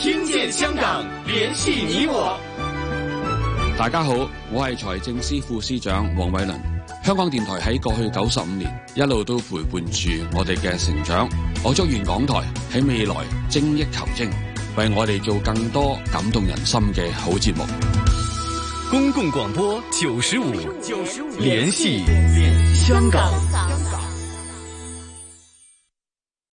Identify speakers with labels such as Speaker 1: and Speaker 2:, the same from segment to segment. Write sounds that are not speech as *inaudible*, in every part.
Speaker 1: 聽見香港，聯繫你我。
Speaker 2: 大家好，我係財政司副司長黃偉綸。香港電台喺過去九十五年一路都陪伴住我哋嘅成長，我祝願港台喺未來精益求精，為我哋做更多感動人心嘅好節目。
Speaker 1: 公共廣播九十五，九十五，
Speaker 3: 聯
Speaker 1: 繫香港。香
Speaker 3: 港香港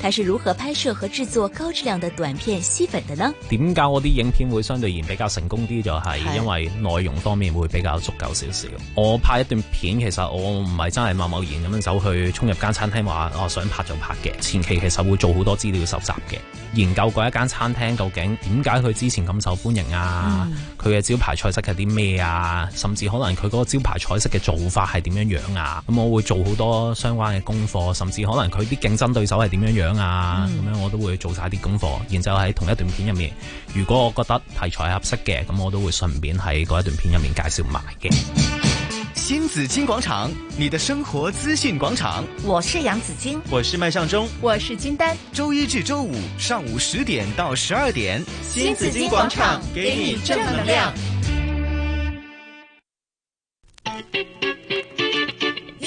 Speaker 4: 他是如何拍攝和製作高質量的短片吸粉的呢？
Speaker 5: 點解我啲影片會相對而言比較成功啲，就係因為內容方面會比較足夠少少。我拍一段片，其實我唔係真係貿貿然咁樣走去衝入間餐廳話我想拍就拍嘅。前期其實會做好多資料收集嘅，研究過一間餐廳究竟點解佢之前咁受歡迎啊？佢、嗯、嘅招牌菜式係啲咩啊？甚至可能佢嗰個招牌菜式嘅做法係點樣樣啊？咁、嗯、我會做好多相關嘅功課，甚至可能佢啲競爭對手係點樣樣、啊。啊、嗯，咁樣我都會做晒啲功課，然之後喺同一段片入面，如果我覺得題材合適嘅，咁我都會順便喺嗰一段片入面介紹埋嘅。新紫荊廣場，你的生活資訊廣場，
Speaker 1: 我是楊紫晶，
Speaker 5: 我是麥尚中，
Speaker 1: 我是金丹，周一至周五上午十點到十二點，新紫荊廣場，給你正能量。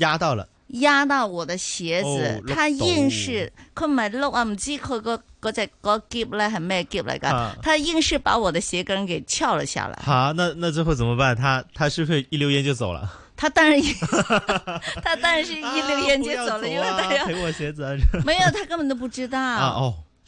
Speaker 6: 壓到了，
Speaker 7: 壓到我的鞋子，哦、他硬是，佢咪碌啊，唔知佢個嗰隻嗰夾咧係咩夾嚟噶，他硬是把我的鞋跟給撬了下來。
Speaker 6: 好、啊啊，那那最後怎麼辦？他他是不是一溜煙就走了？
Speaker 7: 他當然 *laughs* *laughs* 他當然是一溜煙就走了，啊走啊、因為他要賠我
Speaker 6: 鞋子、啊。
Speaker 7: 沒有，他根本都不知道。啊、哦。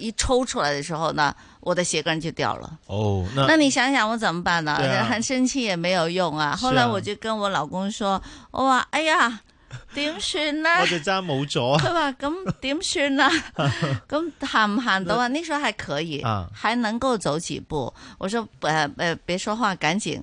Speaker 7: 一抽出來的時候呢，我的鞋跟就掉
Speaker 8: 了。哦那，那你
Speaker 7: 想想我怎麼辦呢？啊、很生氣也沒有用啊，啊。後來我就跟我老公說：“我話，哎呀，點算呢？”我就
Speaker 6: 踭冇咗。佢 *laughs*
Speaker 7: 話：“咁點算呢？咁行唔行到啊？時候還可以，還能夠走幾步。啊”我說：“不呃，呃，別說話，趕緊。”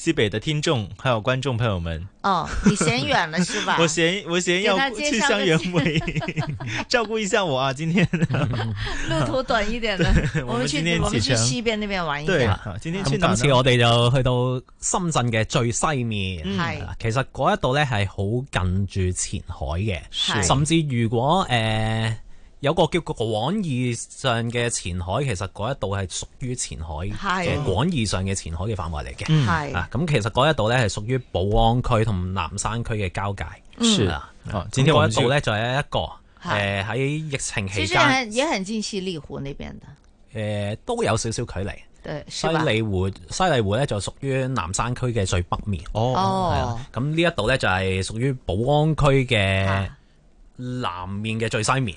Speaker 6: 西北的聽眾還有觀眾朋友們，
Speaker 7: 哦，你嫌遠了是吧？ *laughs* 我嫌我嫌要去香園圍
Speaker 6: *laughs* 照
Speaker 5: 顧一下我啊，今天
Speaker 6: 路
Speaker 7: 途、嗯嗯、短一點的，我們去天我們去西邊那邊玩一
Speaker 8: 下。對，今天去。咁、嗯、今次我哋
Speaker 5: 就去到深圳嘅最西面，係、嗯、其實嗰一度咧係好近住前海嘅，甚至如果誒。呃有一個叫廣義上嘅前海，其實嗰一度係屬於前海，係、哦、廣義上嘅前海嘅範圍嚟嘅。係啊，咁其實嗰一度咧係屬於寶安區同南山區嘅交界。嗯啊，咁、嗯啊、一度咧就係一個誒喺、啊呃、疫情期間，
Speaker 7: 也係接近西麗湖呢邊嘅。
Speaker 5: 誒、呃、都有少少距離。
Speaker 7: 對，是西麗
Speaker 5: 湖，西麗湖咧就屬於南山區嘅最北面。哦，咁呢一度咧就係屬於寶安區嘅南面嘅最西面。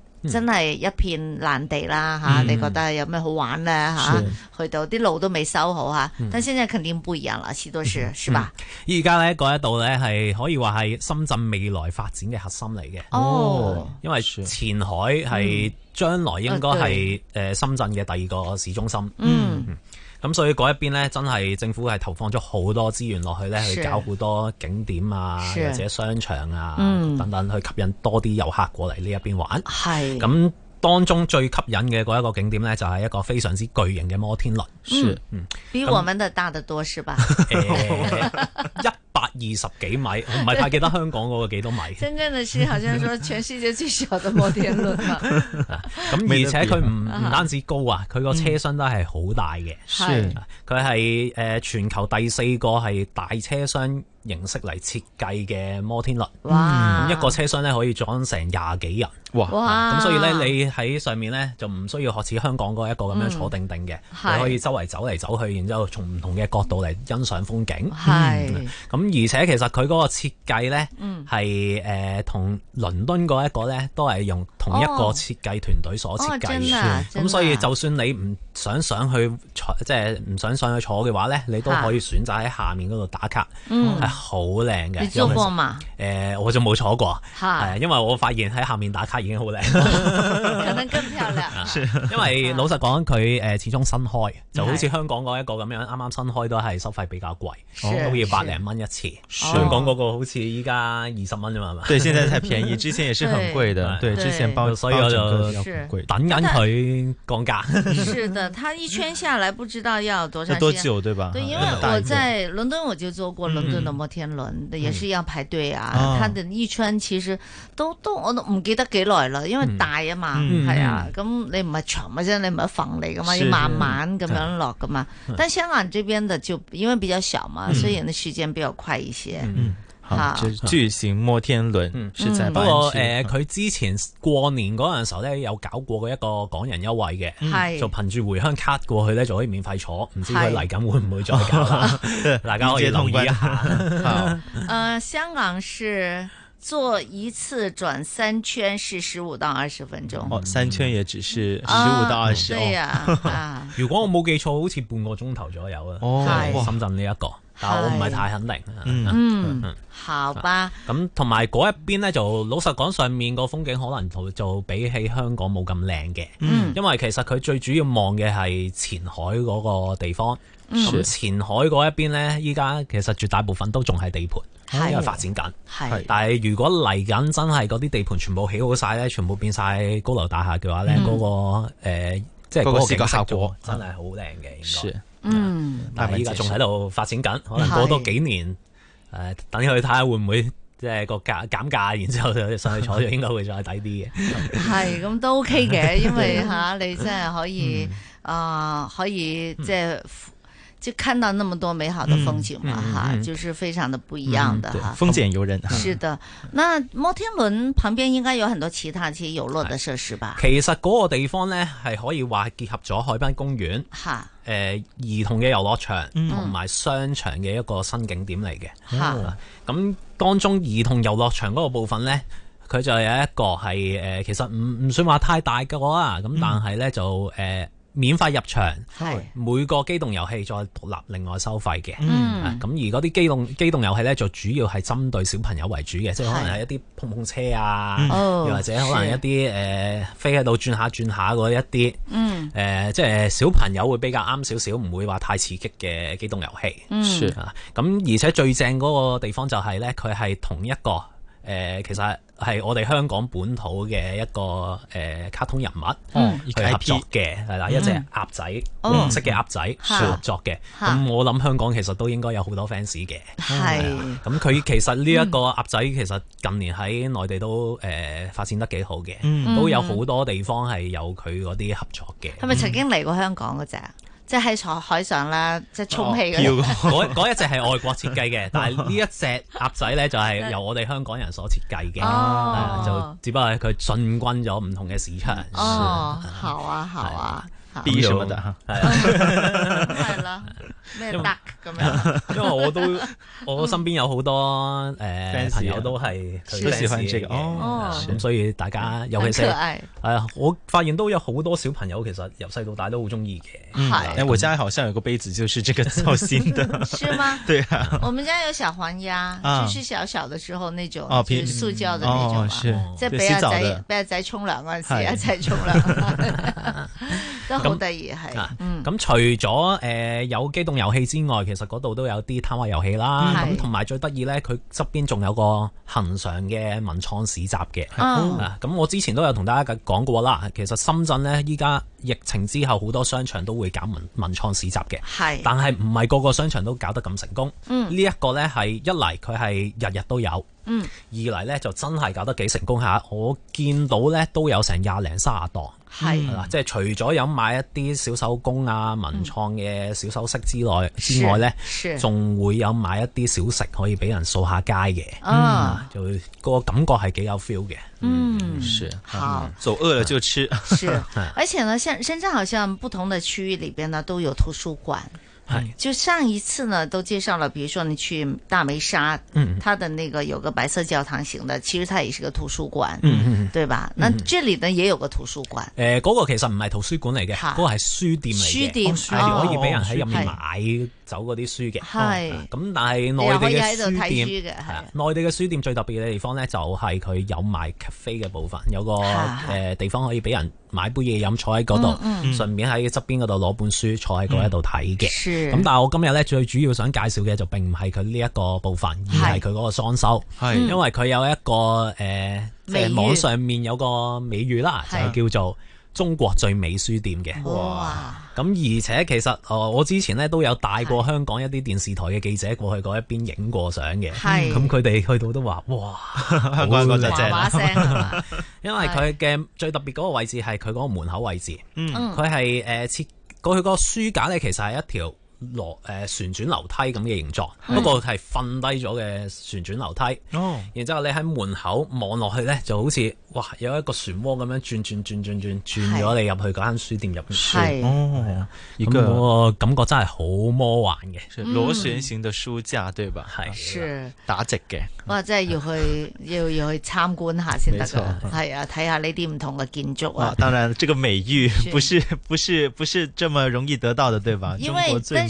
Speaker 7: 嗯、真係一片爛地啦、嗯啊、你覺得有咩好玩呢？啊、去到啲路都未修好、嗯、但依家肯定唔一樣啦，黐多樹，是
Speaker 5: 吧，依家呢講一度呢，係、嗯、可以話係深圳未來發展嘅核心嚟嘅。哦，因為前海係將來應該係深圳嘅第二個市中心。嗯。嗯嗯咁所以嗰一邊呢，真係政府係投放咗好多資源落去呢，去搞好多景點啊，或者商場啊、嗯、等等，去吸引多啲遊客過嚟呢一邊玩。係。咁當中最吸引嘅嗰一個景點呢，就係、是、一個非常之巨型嘅摩天輪。嗯，
Speaker 7: 比我們的大得多，是吧？ *laughs* *laughs* *laughs*
Speaker 5: 百二十幾米，唔係太記得香港嗰個幾多米。
Speaker 7: 真真正正，好似話全世界最小嘅摩天輪
Speaker 5: 咁 *laughs* *laughs* 而且佢唔唔單止高啊，佢個車廂都係好大嘅。佢係誒全球第四個係大車廂形式嚟設計嘅摩天輪。哇！嗯、一個車廂咧可以裝成廿幾人。哇！咁、嗯、所以咧，你喺上面咧就唔需要學似香港嗰一個咁樣坐定定嘅、嗯，你可以周圍走嚟走去，然之後從唔同嘅角度嚟欣賞風景。係、嗯。咁、嗯。咁而且其實佢嗰個設計咧，係、嗯、同、呃、倫敦嗰一個呢，都係用同一個設計團隊所設計嘅。咁、哦哦啊啊、所以就算你唔想上去坐，即係唔想上去坐嘅話呢，你都可以選擇喺下面嗰度打卡，係好靚嘅。你坐過嘛、呃？我仲冇坐過。係、啊，因為我發現喺下面打卡已經好靚，更加漂亮。啊、 *laughs* 漂亮 *laughs* 因為老實講，佢誒始終新開，就好似香港嗰一個咁樣，啱啱新開都係收費比較貴，是都要百零蚊一。嗯、香港嗰個好似依家二十蚊啫嘛，係嘛？對，現在太便宜，之前也是很貴的。嗯、對，對，之前包，所以我就等緊佢講價。是
Speaker 7: 的，他一圈下來不知道要多長、嗯、多久，
Speaker 5: 對吧？對，因為我
Speaker 7: 在倫敦我就坐過倫敦的摩天輪， *music* 嗯、也是要排隊啊。它、嗯哦、的一圈其實都都我都唔記得幾耐了，因為大啊嘛，係、嗯嗯、啊，咁你唔係長咪先，你唔係房嚟噶嘛，要慢慢咁樣落噶嘛。但香港這邊的就因為比較小嘛，所以呢時間比較，嗯 *music* 快一些，好就
Speaker 6: 巨型摩天輪，
Speaker 7: 不過誒，佢、嗯嗯
Speaker 5: 嗯呃、之前過年嗰陣時候咧，有搞過一個港人優惠嘅、嗯，就憑住回鄉卡過去咧就可以免費坐，唔知佢嚟緊會唔會再搞、嗯嗯，大家可以留意一下。
Speaker 7: 啊、嗯， *laughs* 嗯嗯、 *laughs* 香港是坐一次轉三圈是十五到二十分鐘，
Speaker 5: 哦，三圈也只是十五到二十，對呀、啊，哦、 *laughs* 如果我冇記錯，好似半個鐘頭左右啊，喺、哦哦、深圳呢、這、一個。但我唔係太肯定嗯嗯。嗯，好吧。咁同埋嗰一邊呢，就老實講，上面個風景可能就比起香港冇咁靚嘅。嗯。因為其實佢最主要望嘅係前海嗰個地方。
Speaker 9: 嗯。咁
Speaker 5: 前海嗰一邊呢，依家其實絕大部分都仲係地盤，因為發展緊。係。但係如果嚟緊真係嗰啲地盤全部起好晒呢，全部變晒高樓大廈嘅話呢，嗰、嗯嗰個、呃、即係嗰個視覺效果，效果真係好靚嘅。應該係。嗯，但係依家仲喺度發展緊、嗯，可能過多幾年，誒、呃，等佢睇下會唔會即係、就是、個價減價，然之後就上去坐 *laughs* 應該會再抵啲嘅。
Speaker 7: 係咁 *laughs* 都 OK 嘅，因為吓、 *laughs* 啊、你真係可以啊、嗯呃，可以即係即看到那麼多美好的風景啦，哈、嗯啊嗯，就是非常的不一樣的。嗯、風
Speaker 5: 景有人、啊、是
Speaker 7: 的，那摩天輪旁邊應該有很多其他遊樂嘅設施吧？
Speaker 5: 其實嗰個地方呢，係可以話結合咗海濱公園。誒、呃、兒童嘅遊樂場同埋、嗯、商場嘅一個新景點嚟嘅，咁、嗯啊、當中兒童遊樂場嗰個部分呢，佢就有一個係誒、呃，其實唔唔算話太大嘅啦，咁但係呢，就誒。呃免費入場，每個機動遊戲再獨立另外收費嘅。咁、嗯啊、而嗰啲機動機動遊戲呢，就主要係針對小朋友為主嘅，即係可能係一啲碰碰車啊，又、嗯、或者可能一啲誒、呃、飛喺度轉下轉下嗰一啲。誒、嗯呃，即係小朋友會比較啱少少，唔會話太刺激嘅機動遊戲。咁、嗯啊、而且最正嗰個地方就係、是、呢，佢係同一個。誒、呃，其實係我哋香港本土嘅一個誒、呃、卡通人物，佢、嗯、合作嘅係啦，一隻鴨仔，黃、嗯、色嘅鴨仔、嗯、合作嘅。咁、啊、我諗香港其實都應該有好多 fans 嘅。係、嗯。咁、啊、佢、嗯、其實呢一個鴨仔其實近年喺內地都誒、呃、發展得幾好嘅、嗯，都有好多地方係有佢嗰啲合作嘅。係咪曾經嚟過香港嗰隻？
Speaker 7: 即係喺海海上啦，即係充氣嗰
Speaker 5: 嗰嗰一隻係外國設計嘅， *laughs* 但係呢一隻鴨仔咧就係、係、由我哋香港人所設計嘅、哦啊，就只不過係佢進軍咗唔同嘅市場。
Speaker 7: 哦，好啊，
Speaker 5: 好啊。B 什麼得？係 *laughs* 是啊，係 *laughs* 啦因為，咩得咁樣？因為我都我身邊有好多誒、呃、朋友都係都喜歡呢隻，咁所以大家尤其是誒、嗯啊，我發現都有好多小朋友其實由細到大都好中意嘅。係、嗯，誒，我家好像有個杯子就是這個造型的，是嗎？ *laughs* 對啊，我
Speaker 7: 們家有小黃鴨，就、啊、是小小的時候那種、哦、塑膠的那種、啊，即係俾
Speaker 8: 阿
Speaker 5: 仔俾
Speaker 7: 阿仔沖涼嗰陣時，阿仔沖涼。 *laughs* 咁第二
Speaker 5: 係，咁、嗯嗯、除咗誒、呃、有機動遊戲之外，其實嗰度都有啲攤位遊戲啦。咁同埋最得意呢，佢側邊仲有一個恒常嘅文創市集嘅、哦。啊，咁我之前都有同大家講過啦。其實深圳呢，依家疫情之後，好多商場都會搞文文創市集嘅。但係唔係個個商場都搞得咁成功。呢、嗯、一、呢個呢，係一嚟佢係日日都有，
Speaker 8: 嗯、
Speaker 5: 二嚟呢，就真係搞得幾成功嚇。我見到呢，都有成廿零三十檔。係啦、 *noise* 嗯嗯，即係除咗有買一啲小手工啊、文創嘅小首飾之外之外咧，仲、嗯、會有買一啲小食可以俾人掃下街嘅，嗯就個感覺係幾有 feel 嘅。嗯，是好，做餓了就吃。是， *laughs*
Speaker 7: 而且呢，深深圳好像不同的區域裏邊呢都有圖書館。就上一次呢，都介紹了，比如說你去大梅沙，嗯，它的那個有個白色教堂型的，其實它也是個圖書館，嗯嗯對吧？那這裡呢、嗯、也有個圖書館，
Speaker 5: 誒、呃，嗰、那個其實唔係圖書館嚟嘅，嗰、那個係書店嚟嘅，書店係、oh, 可以俾人喺入面買。走嗰啲書嘅，係咁、嗯，但係內地嘅書店嘅係、啊啊、內地嘅書店最特別嘅地方咧，就係、是、佢有賣 cafe 嘅部分，有個誒、呃、地方可以俾人買杯嘢飲，坐喺嗰度，是是順便喺側邊嗰度攞本書坐喺嗰度睇嘅。咁但係我今日咧最主要想介紹嘅就並唔係佢呢一個部分，而係佢嗰個裝修，是是因為佢有一個誒，即、呃、係、呃、網上面有個美譽啦，就係叫做中國最美書店嘅，哇！咁而且其實，我之前咧都有帶過香港一啲電視台嘅記者過去嗰一邊影過相嘅，咁佢哋去到都話，哇，香港嘅！正因為佢嘅最特別嗰個位置係佢嗰個門口位置，佢係誒設過去嗰個書架咧，其實係一條螺旋轉樓梯咁嘅形狀，是不過係瞓低咗嘅旋轉樓梯。哦、然之後你喺門口望落去呢，就好似哇有一個漩渦咁樣轉轉轉轉轉轉咗你入去嗰間書店入邊。係，哦，係啊，個感覺真係好魔幻嘅。螺旋形的書架對吧？係，是，是打直嘅。
Speaker 7: 哇，真係要去要 *laughs* 要去參觀下先得㗎。係啊，睇下呢啲唔同嘅建築啊。當
Speaker 6: 然，呢、這個美譽不是不是不是，不是這麼容易得到嘅對吧？因為，中國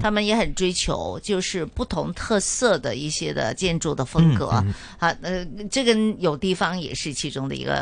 Speaker 7: 他們也很追求，就是不同特色的一些的建築的風格。嗯嗯、啊，呃，這跟有地方也是其中的一個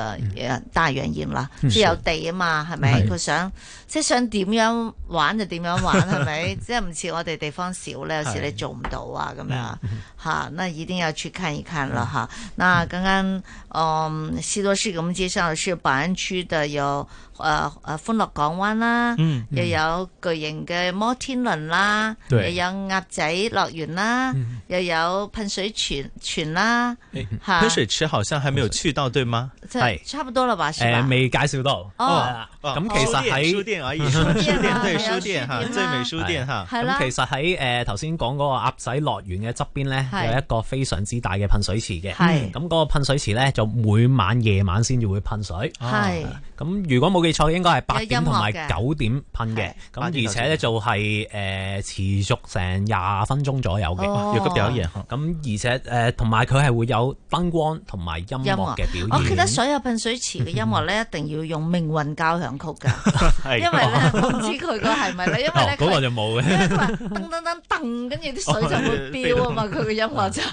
Speaker 7: 大原因啦，即、嗯、有地啊嘛，係咪？佢想即想點樣玩就點樣玩，係 *laughs* 咪？即係唔似我哋地方少咧，有時你做唔到啊咁樣。吓、嗯嗯啊，那一定要去看一看了吓，那剛剛，嗯，西多士咁介紹的是寶安區的有，呃呃歡樂港灣啦，嗯，
Speaker 8: 嗯又有
Speaker 7: 巨型嘅摩天輪啦。又有鴨仔樂園啦，又有噴、嗯、水泉泉啦，噴、欸、水
Speaker 6: 池好像還沒有去到，對嗎？係，差
Speaker 7: 不多了吧？誒、
Speaker 6: 未、呃、介紹到哦。咁、哦嗯哦、其實喺書店書店即係 *laughs* 書店吓、啊，未書店
Speaker 5: 吓、啊。咁、啊、其實喺誒頭先講嗰個鴨仔樂園嘅側邊咧，有一個非常之大嘅噴水池嘅。係咁嗰個噴水池咧，就每晚夜晚先至會噴水。係、哦、咁、啊，如果冇記錯，應該係八點同埋九點噴嘅。咁而且咧就係、是、誒。嗯呃持續成廿分鐘左右嘅，若果有嘢，咁、哦、而且誒，同埋佢係會有燈光同埋音樂嘅表演。我記得所
Speaker 7: 有噴水池嘅音樂咧， *laughs* 一定要用《命運交響曲的》㗎、 *laughs* 哦，
Speaker 5: 因為咧我唔知
Speaker 7: 佢個係咪咧，因為咧嗰個就冇嘅。噔噔噔，噔，
Speaker 5: 跟住啲水就會飆啊嘛！佢嘅音樂就誒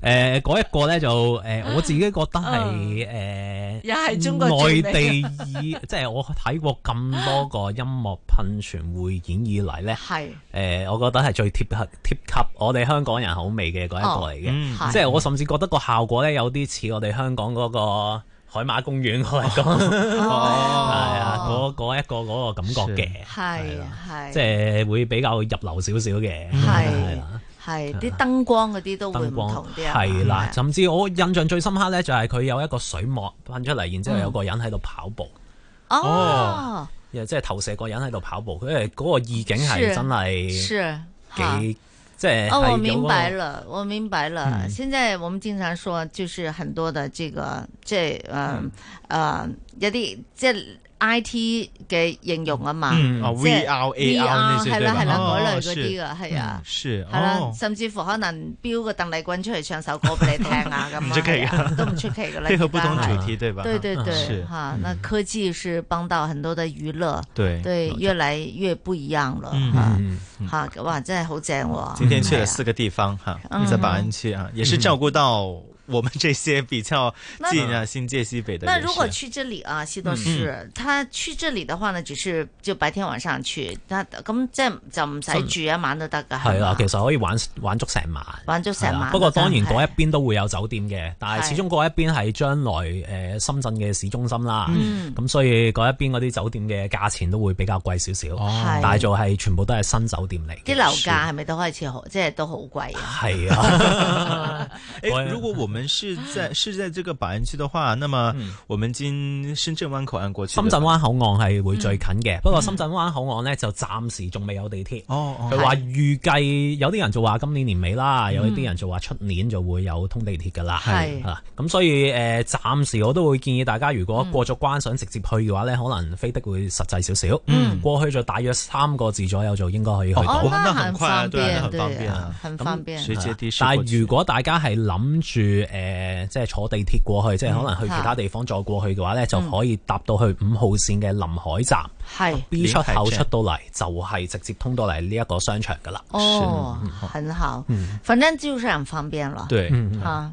Speaker 5: 嗰、 *laughs* 呃、一個咧就誒、呃，我自己覺得係誒，又、嗯、係、呃、中國最，內地以 *laughs* 即係我睇過咁多個音樂噴泉匯演以嚟。咧，係，誒，我覺得係最貼合貼合我哋香港人口味嘅嗰一個嚟嘅，哦，即係我甚至覺得個效果咧有啲似我哋香港嗰個海馬公園嚟咁，係、哦哦、啊，嗰一、啊啊啊嗰個嗰、嗰個感覺嘅，係係，即係會比較入流少少嘅，係係、啊，
Speaker 7: 啲燈、啊啊啊啊啊啊、光嗰啲都會唔同啲啊，係
Speaker 5: 啦、啊啊，甚至我印象最深刻咧就係、是、佢有一個水幕噴出嚟，然之後有個人喺度跑步，嗯、哦。哦即係投射個人喺度跑步，佢係嗰個意境係真係幾，幾即係、那個、哦，我明白了，
Speaker 7: 我明白了。嗯、現在我們經常說，就是很多的這個，這，呃、嗯，呃，有啲這。I T 嘅應用啊嘛，v r a r 係啦，係啦，嗰類嗰啲嘅，係、
Speaker 6: 哦、啊，係啦、哦、
Speaker 7: 甚至乎可能標個鄧麗君出嚟唱首歌俾你聽啊咁、 *laughs* 啊啊啊，都唔出奇噶啦。 *laughs* 配合不同主題、啊、對吧？對對對，吓、啊啊嗯，那科技是幫到很多的娛樂，對，對，越來越不一樣了，吓、嗯、吓、啊嗯、哇，真係好正喎！今天去
Speaker 6: 了四個地方哈、嗯啊嗯，在寶安區啊、嗯，也是照顧到、嗯。嗯我們這些比較近、啊、新界西北的人那。那如果去
Speaker 7: 這裏啊，西多士、嗯，他去這裏的話呢，只、就是就白天晚上去，咁即係就唔使住一、啊、晚都得
Speaker 5: 噶。係啦，其實可以玩玩足成晚，
Speaker 7: 玩足成晚、啊。不過當然嗰一
Speaker 5: 邊都會有酒店嘅，但係始終嗰一邊係將來誒、呃、深圳嘅市中心啦。咁、嗯、所以嗰一邊嗰啲酒店嘅價錢都會比較貴少少，但、哦、係就係全部都係新酒店嚟。啲樓價
Speaker 7: 係咪都開始即係都好貴啊？
Speaker 5: 係啊，
Speaker 6: *laughs* *laughs* *laughs* *laughs* 欸、 *laughs* 如果我 *laughs* 是
Speaker 5: 在是在這個寶安區的話，那麼我們經深圳灣口岸過去。深圳灣口岸係會最近嘅，嗯，不過深圳灣口岸呢，嗯，就暫時仲未有地鐵。哦，佢，哦，話預計有啲人就話今年年尾啦，嗯，有啲人就話出年就會有通地鐵噶啦。係，嗯，咁，啊，所以誒，呃，暫時我都會建議大家，如果過咗關想直接去嘅話呢，嗯，可能飛的會實際少少嗯。嗯，過去就大約三個字左右就應該可以去到。咁都係，
Speaker 3: 都、哦，
Speaker 5: 係，都係、啊，都係、啊，都係、啊，係、啊，都係、啊，係，誒、呃，即係坐地鐵過去，即係可能去其他地方再過去嘅話呢，嗯、就可以搭到去五號線嘅臨海站
Speaker 7: ，B、嗯、出口出
Speaker 5: 到嚟就係直接通到嚟呢一個商場㗎喇。哦，嗯、很好，嗯、
Speaker 7: 反正交通上方便啦。
Speaker 5: 對，嗯嗯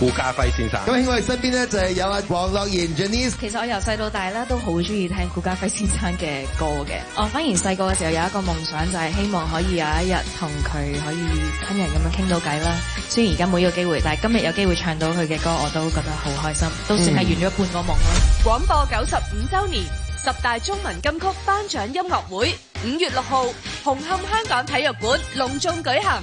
Speaker 2: 顧家輝先生，咁啊，喺我哋身邊咧就係、是、有阿、啊、王樂妍 Jenice。其實我由細到大咧都
Speaker 10: 好中意聽顧家輝先生嘅歌嘅。我反而細個嘅時候有一個夢想，就係、是、希望可以有一日同佢可以親人咁樣傾到偈啦。雖然而家冇呢個機會，但係今日有機會唱到佢嘅歌，我都覺得好開心，都算係圓咗半個夢啦、嗯。
Speaker 3: 廣播九十五週年十大中文金曲頒獎音樂會五月六號紅磡香港體育館隆重舉行。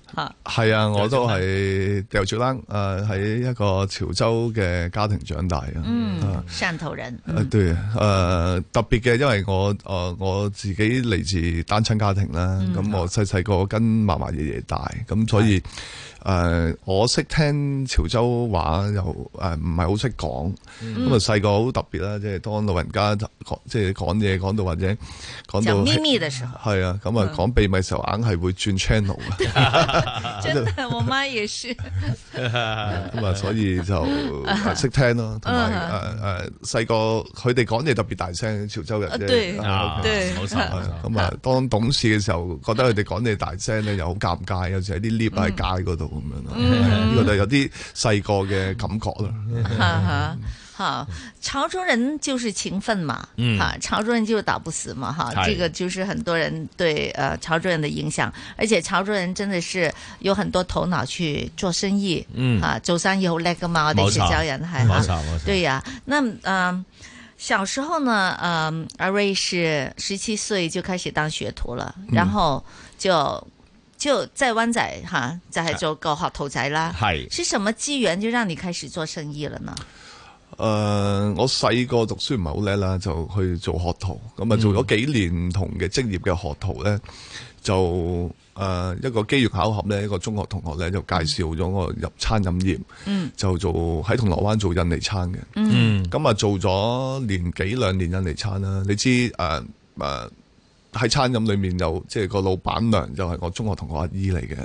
Speaker 9: 吓係好啊，嗯、我都係掉潮南，誒喺一個潮州嘅家庭長大嘅，汕、呃、頭人。誒、嗯，對、呃、誒特別嘅，因為我誒、呃、我自己嚟自單親家庭啦，咁、嗯、我細細個跟嫲嫲爺爺大，咁、呃、所以。誒、呃，我識聽潮州話又誒唔係好識講。咁、嗯、啊，細個好特別啦，即係當老人家即係講嘢講到或者講到秘密嘅時候，係啊，咁啊講秘密時候硬係會轉 channel。啊、 *laughs* 真係
Speaker 7: 的 *laughs* 我媽也是。
Speaker 9: 咁、嗯、啊，所以就識聽咯，同埋誒誒細個佢哋講嘢特別大聲，潮州人啫。對，okay, 對，冇、okay, 錯，冇錯。咁啊，啊嗯、當懂事嘅時候，覺得佢哋講嘢大聲咧，又好尷尬、啊。有時喺啲 lift 喺街度。嗯咁樣咯，呢個就有啲細個嘅感覺啦。
Speaker 7: 哈哈吓，潮、嗯、州 *laughs* 人就是勤奮嘛，吓潮州人就是打不死嘛，哈、嗯，這個就是很多人對誒潮州人的影響。而且潮州人真的是有很多頭腦去做生意，嗯，啊做生意好叻噶嘛，我哋潮州人係啊，對呀。那、呃、嗯，小時候呢，嗯、呃，阿瑞是十七歲就開始當學徒了，嗯、然後就。即係灣仔嚇，就、啊、係做個學徒仔啦。係，是什麼機緣就讓你開始做生意了呢？誒、
Speaker 9: 呃，我細個讀書唔係好叻啦，就去做學徒。咁啊，做咗幾年唔同嘅職業嘅學徒咧、嗯，就誒、呃、一個機緣巧合咧，一個中學同學咧就介紹咗我入餐飲業。嗯，就做喺銅鑼灣做印尼餐嘅。嗯，咁啊做咗年幾兩年印尼餐啦。你知誒誒？呃呃喺餐飲裏面有即係個老闆娘又係、就係、我中學同學阿姨嚟嘅，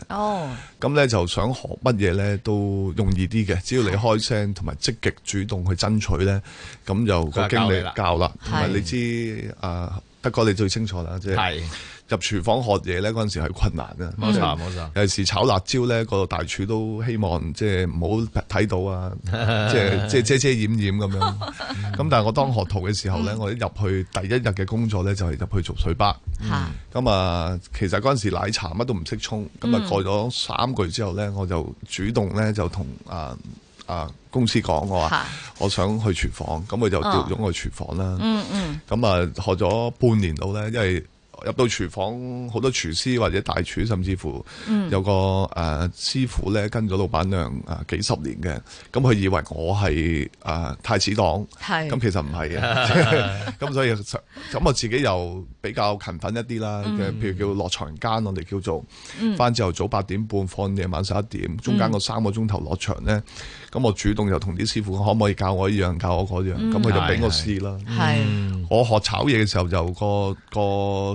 Speaker 9: 咁咧、oh. 就想學乜嘢咧都容易啲嘅，只要你開聲同埋積極主動去爭取咧，咁就個經理教啦，同埋是你知啊德哥你最清楚啦，即、就、係、係。入廚房學嘢咧，嗰陣時係困難啊！冇錯，冇錯。有時炒辣椒咧，個大廚都希望即係唔好睇到啊，即係遮遮掩掩咁樣。咁但係我當學徒嘅時候咧，我一入去第一日嘅工作咧，就係入去做水吧。咁啊，其實嗰陣時奶茶乜都唔識沖。咁啊，過咗三個月之後咧，我就主動咧就同啊啊公司講，我話我想去廚房。咁佢就調咗我去廚房啦。嗯嗯。咁啊，學咗半年到咧，因為。入到廚房，好多廚師或者大廚，甚至乎有個誒、呃、師傅咧跟咗老闆娘啊、呃、幾十年嘅，咁、嗯、佢以為我係誒、呃、太子黨，咁係其實唔係嘅，咁、 *laughs* 嗯、所以咁、嗯、我自己又，比較勤奮一啲啦，譬如叫落場間，我哋叫做翻之後，早八點半放夜晚十一點，中間個三個鐘頭落場咧，咁、嗯、我主動就同啲師傅，可唔可以教我一樣教我嗰樣，咁、嗯、佢就俾我試啦。係、嗯、我學炒嘢嘅時候就個個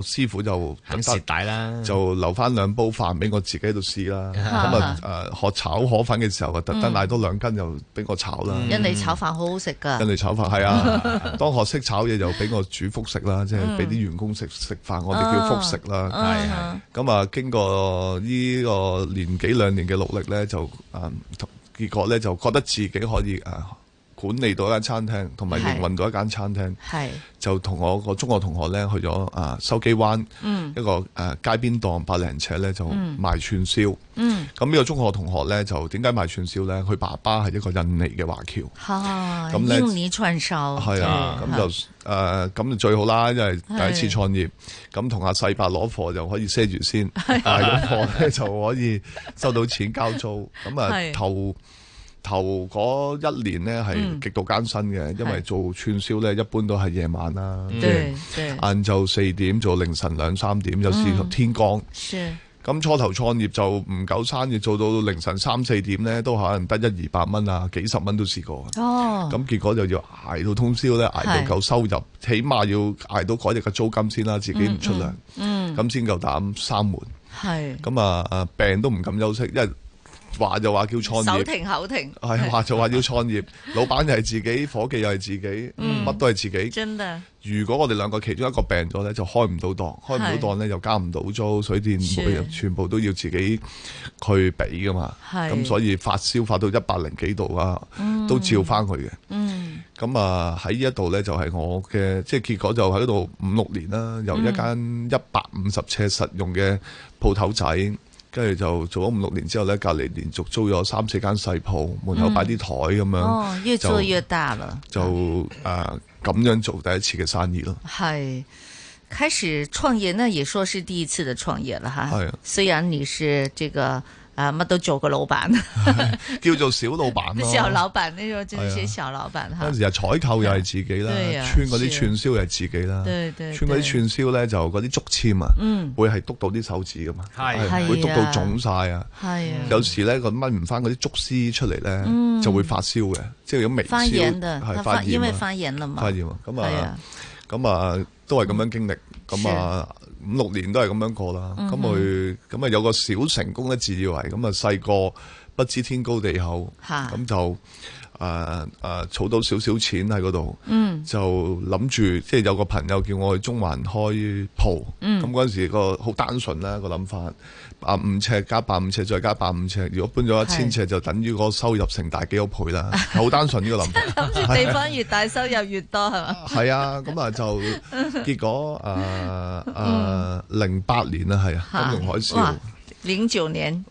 Speaker 9: 師傅就等蝕底啦，就留翻兩煲飯俾我自己喺度試啦。咁啊誒學炒河粉嘅時候地奶就、嗯嗯、的啊，特登嗌多兩斤就俾我炒啦。印尼炒
Speaker 7: 飯好好食噶，印
Speaker 9: 尼炒飯係啊，當學識炒嘢就俾我煮福食啦，即係俾啲員工食食飯，我哋叫復食、啊、啦，係係、啊。咁啊，經過呢個年幾兩年嘅努力咧，就啊、嗯，結果咧就覺得自己可以啊。管理到一間餐廳，同埋營運到一間餐廳，就同我中國同我、啊嗯個，啊嗯、個中學同學咧去咗啊，筲箕灣一個誒街邊檔百零尺咧就賣串燒。咁呢個中學同學咧就點解賣串燒咧？佢爸爸係一個印尼嘅華僑。
Speaker 7: 印尼串燒。係啊，咁就
Speaker 9: 誒咁就最好啦，因為第一次創業，咁同阿細伯攞貨就可以賒住先設，攞貨即係就可以收到錢交租，咁 *laughs* 啊頭。頭嗰一年呢係極度艱辛嘅，因為做串燒呢，一般都係夜晚啦，晏晝四點做，凌晨兩三點，有時天光。咁初頭創業就唔夠生意，做到凌晨三四點呢，都可能得一二百蚊啊，幾十蚊都試過。咁結果就要挨到通宵呢，挨到夠收入，起碼要挨到改日嘅租金先啦，自己唔出糧。咁先夠膽閂門。咁啊，病都唔敢休息，因為話就話叫創業，手停口停，係話就話要創業， *laughs* 老闆又係自己，伙計又係自己，乜、嗯、都係自己。真，噶如果我哋兩個其中一個病咗呢，就開唔到檔，開唔到檔呢，又交唔到租，水電全部都要自己去俾噶嘛。咁所以發燒發到一百零幾度啊，嗯、都照翻佢嘅。咁啊喺呢一度呢，就係我嘅，即係結果就喺度五六年啦、啊，由一間一百五十尺實用嘅鋪頭仔。嗯跟住就做咗五六年之後呢，隔籬連續租咗三四間細鋪，嗯，門口擺啲台咁樣，哦、越做越大啦，就誒咁、呃、樣做第一次嘅生意咯。
Speaker 7: 係開始創業呢，那也說是第一次嘅創業啦，哈。係，雖然你是這個。啊！乜都做個老闆 *laughs* ，
Speaker 9: 叫做小老闆咯，小老闆
Speaker 7: 呢個真係小老闆。嗰、啊啊、
Speaker 9: 時又採購又係自己啦， *laughs* 啊、穿嗰啲串燒又係自己啦，穿嗰啲串燒咧就嗰啲竹籤啊，啊啊籤啊嗯、會係篤到啲手指噶嘛，係會篤到腫晒啊，係、啊啊啊、有時咧佢掹唔翻嗰啲竹絲出嚟咧、嗯，就會發燒嘅、嗯，即係有微發燒，發炎，因為發炎啦嘛，發炎咁啊，咁啊，、嗯、啊都係咁樣經歷，咁、嗯嗯、啊。五六年都係咁樣過啦，咁佢咁佢有個小成功咧，自以為咁，啊細個不知天高地厚，
Speaker 8: 咁
Speaker 9: 就。誒、啊、誒、啊，儲到少少錢喺嗰度，就諗住即係有個朋友叫我去中環開鋪。咁嗰陣時個好單純啦、個諗法，八五尺加八五尺再加八五尺，如果搬咗一千尺就等於個收入成大幾多倍啦，好 *laughs* 單純呢個諗法。
Speaker 7: 諗 *laughs* 住地方越大，越大，收入越多係嘛？係
Speaker 9: *laughs* 啊，咁啊就結果誒誒零八年啦，係啊、嗯，金融海嘯。
Speaker 7: 零九年。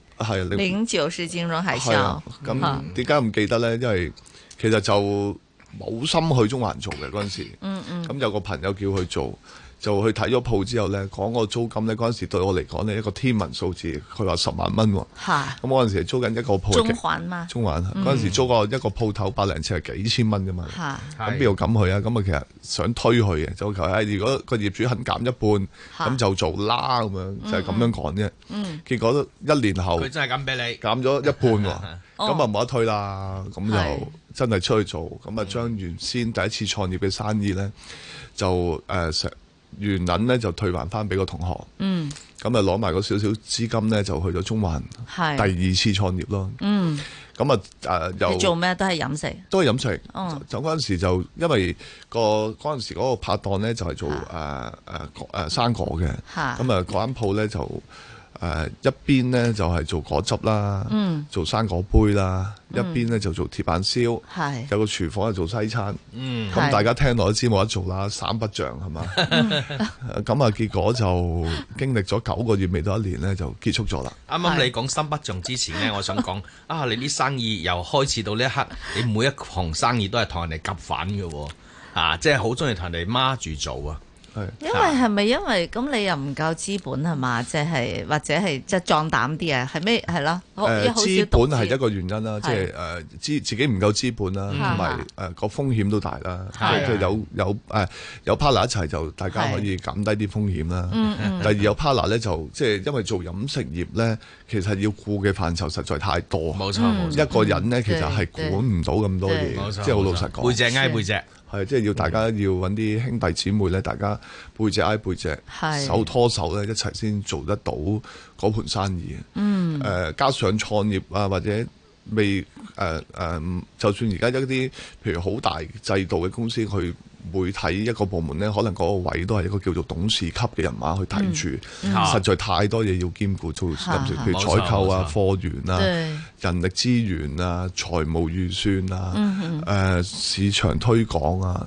Speaker 7: 零九是金融海嘯，咁
Speaker 9: 點解唔記得呢？因為其實就冇心去中環做嘅嗰陣時，
Speaker 8: 咁、
Speaker 9: 嗯嗯、有個朋友叫佢做。就去睇咗鋪之後咧，講個租金咧，嗰陣時對我嚟講咧，一個天文數字，佢話十萬蚊喎。係。咁嗰陣時係租緊一個鋪。中環
Speaker 7: 嘛。中環。嗰陣時租
Speaker 9: 個一個鋪頭百零尺係幾千蚊㗎嘛。係。
Speaker 8: 咁邊
Speaker 9: 度敢去啊？咁啊其實想推佢嘅，就求係如果個業主肯減一半，咁就做啦咁樣，就係咁樣講啫。嗯。結果一年後，佢真係減俾你。減咗一半喎，咁啊冇得推啦，咁就真係出去做，咁啊將原先第一次創業嘅生意咧，就誒成。原銀咧就退還翻俾個同學，嗯，咁啊攞埋嗰少少資金咧就去咗中環，
Speaker 7: 係
Speaker 8: 第
Speaker 9: 二次創業咯，嗯，咁啊誒又做咩？都係飲食，都係飲食，哦，就嗰陣時就因為、那個嗰陣時嗰個拍檔咧就係做誒誒誒生果嘅，嚇、啊，咁啊嗰間鋪咧就。誒一邊咧就係做果汁啦，嗯、做生果杯啦，一邊咧就做鐵板燒，嗯、有個廚房係做西餐。
Speaker 8: 咁、嗯、大家
Speaker 9: 聽落都知冇得做啦，三不像，係嘛？咁、嗯、 *laughs* 啊結果就經歷咗九個月，未到一年咧就結束咗啦。啱啱
Speaker 2: *laughs* 你講三不像之前咧，我想講 *laughs* 啊，你啲生意由開始到呢一刻，你每一行生意都係同人哋夾反嘅喎，啊，即係好中意同人哋
Speaker 9: 孖住做啊！因為
Speaker 7: 係咪因為咁你又唔夠資本係嘛？即係或者係即係壯膽啲啊？係咩係咯？誒，資本係一個
Speaker 9: 原因啦，即係誒資自己唔夠資本啦，同埋誒個風險都大啦。即係係係有有誒有 partner 一齊就大家可以減低啲風險啦。係係第二有 partner 咧就即係因為做飲食業咧，其實要顧嘅範疇實在太多。冇錯，冇錯。一個人咧係其實係管唔到咁多嘢，即係好老實講。背脊挨背脊。係，即係要大家要搵啲兄弟姊妹咧，嗯、大家背脊挨背脊，係手拖手咧，一齊先做得到嗰盤生意。嗯，誒、呃、加上創業啊，或者未誒誒、呃呃，就算而家一啲譬如好大制度嘅公司去。媒體一個部門呢，可能嗰個位都係一個叫做董事級嘅人馬去睇住，實在太多嘢要兼顧做，譬如採購啊、貨源啊、人力資源啊、財務預算啊、誒市場推廣啊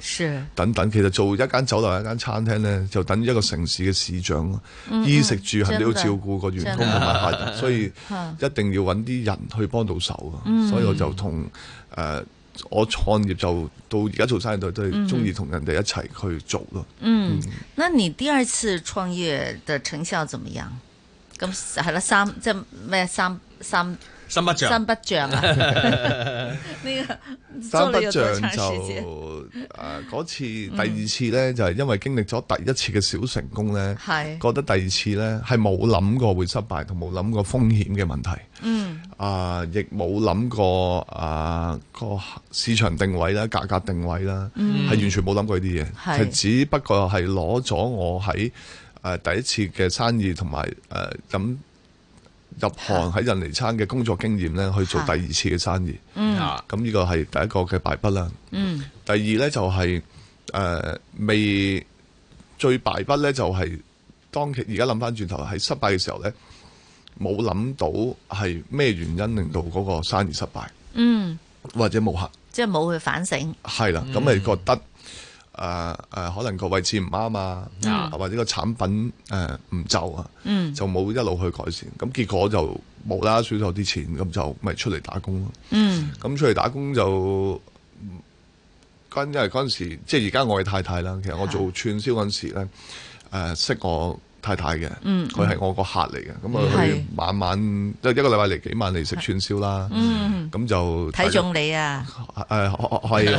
Speaker 9: 等等。其實做一間酒樓、一間餐廳呢，就等一個城市嘅市長，衣食住行都要照顧個員工同埋客人，所以一定要揾啲人去幫到手，所以我就同誒。我創業就到而家做生意都都係中意同人哋一齊去做咯、嗯。
Speaker 7: 嗯，那你第二次創業嘅成效怎麼樣？咁係啦，三即係咩？三三。三不像，三不像啊！
Speaker 9: 呢個三不像就誒，嗰次第二次咧，就係因為經歷咗第一次嘅小成功咧，係覺得第二次咧係冇諗過會失敗，同冇諗過風險嘅問題。嗯，啊，亦冇諗過啊個市場定位啦、價格定位啦，係完全冇諗過呢啲嘢，係只不過係攞咗我喺誒第一次嘅生意同埋誒咁。入行喺印尼餐嘅工作經驗咧，去做第二次嘅生意，咁、嗯、呢個係第一個嘅敗筆啦、嗯。第二咧就係、是、誒、呃、未最敗筆咧，就係當其而家諗翻轉頭係失敗嘅時候咧，冇諗到係咩原因令到嗰個生意失敗，嗯、或者冇客，
Speaker 7: 即係冇去反省，
Speaker 9: 係啦，咁你覺得。誒誒、呃呃，可能個位置唔啱啊，No. 或者個產品誒唔、呃、就啊，mm. 就冇一路去改善，咁結果就冇啦，少咗啲錢，咁就咪出嚟打工咯。嗯，咁出嚟打工就，嗰陣因為嗰陣時，即係而家我嘅太太啦，其實我做串燒嗰陣時咧，誒 Yeah.、呃、識我。太太嘅，佢係我個客嚟嘅，咁啊佢晚晚即係一個禮拜嚟幾晚嚟食串燒啦，咁就睇中你啊，誒係，我睇中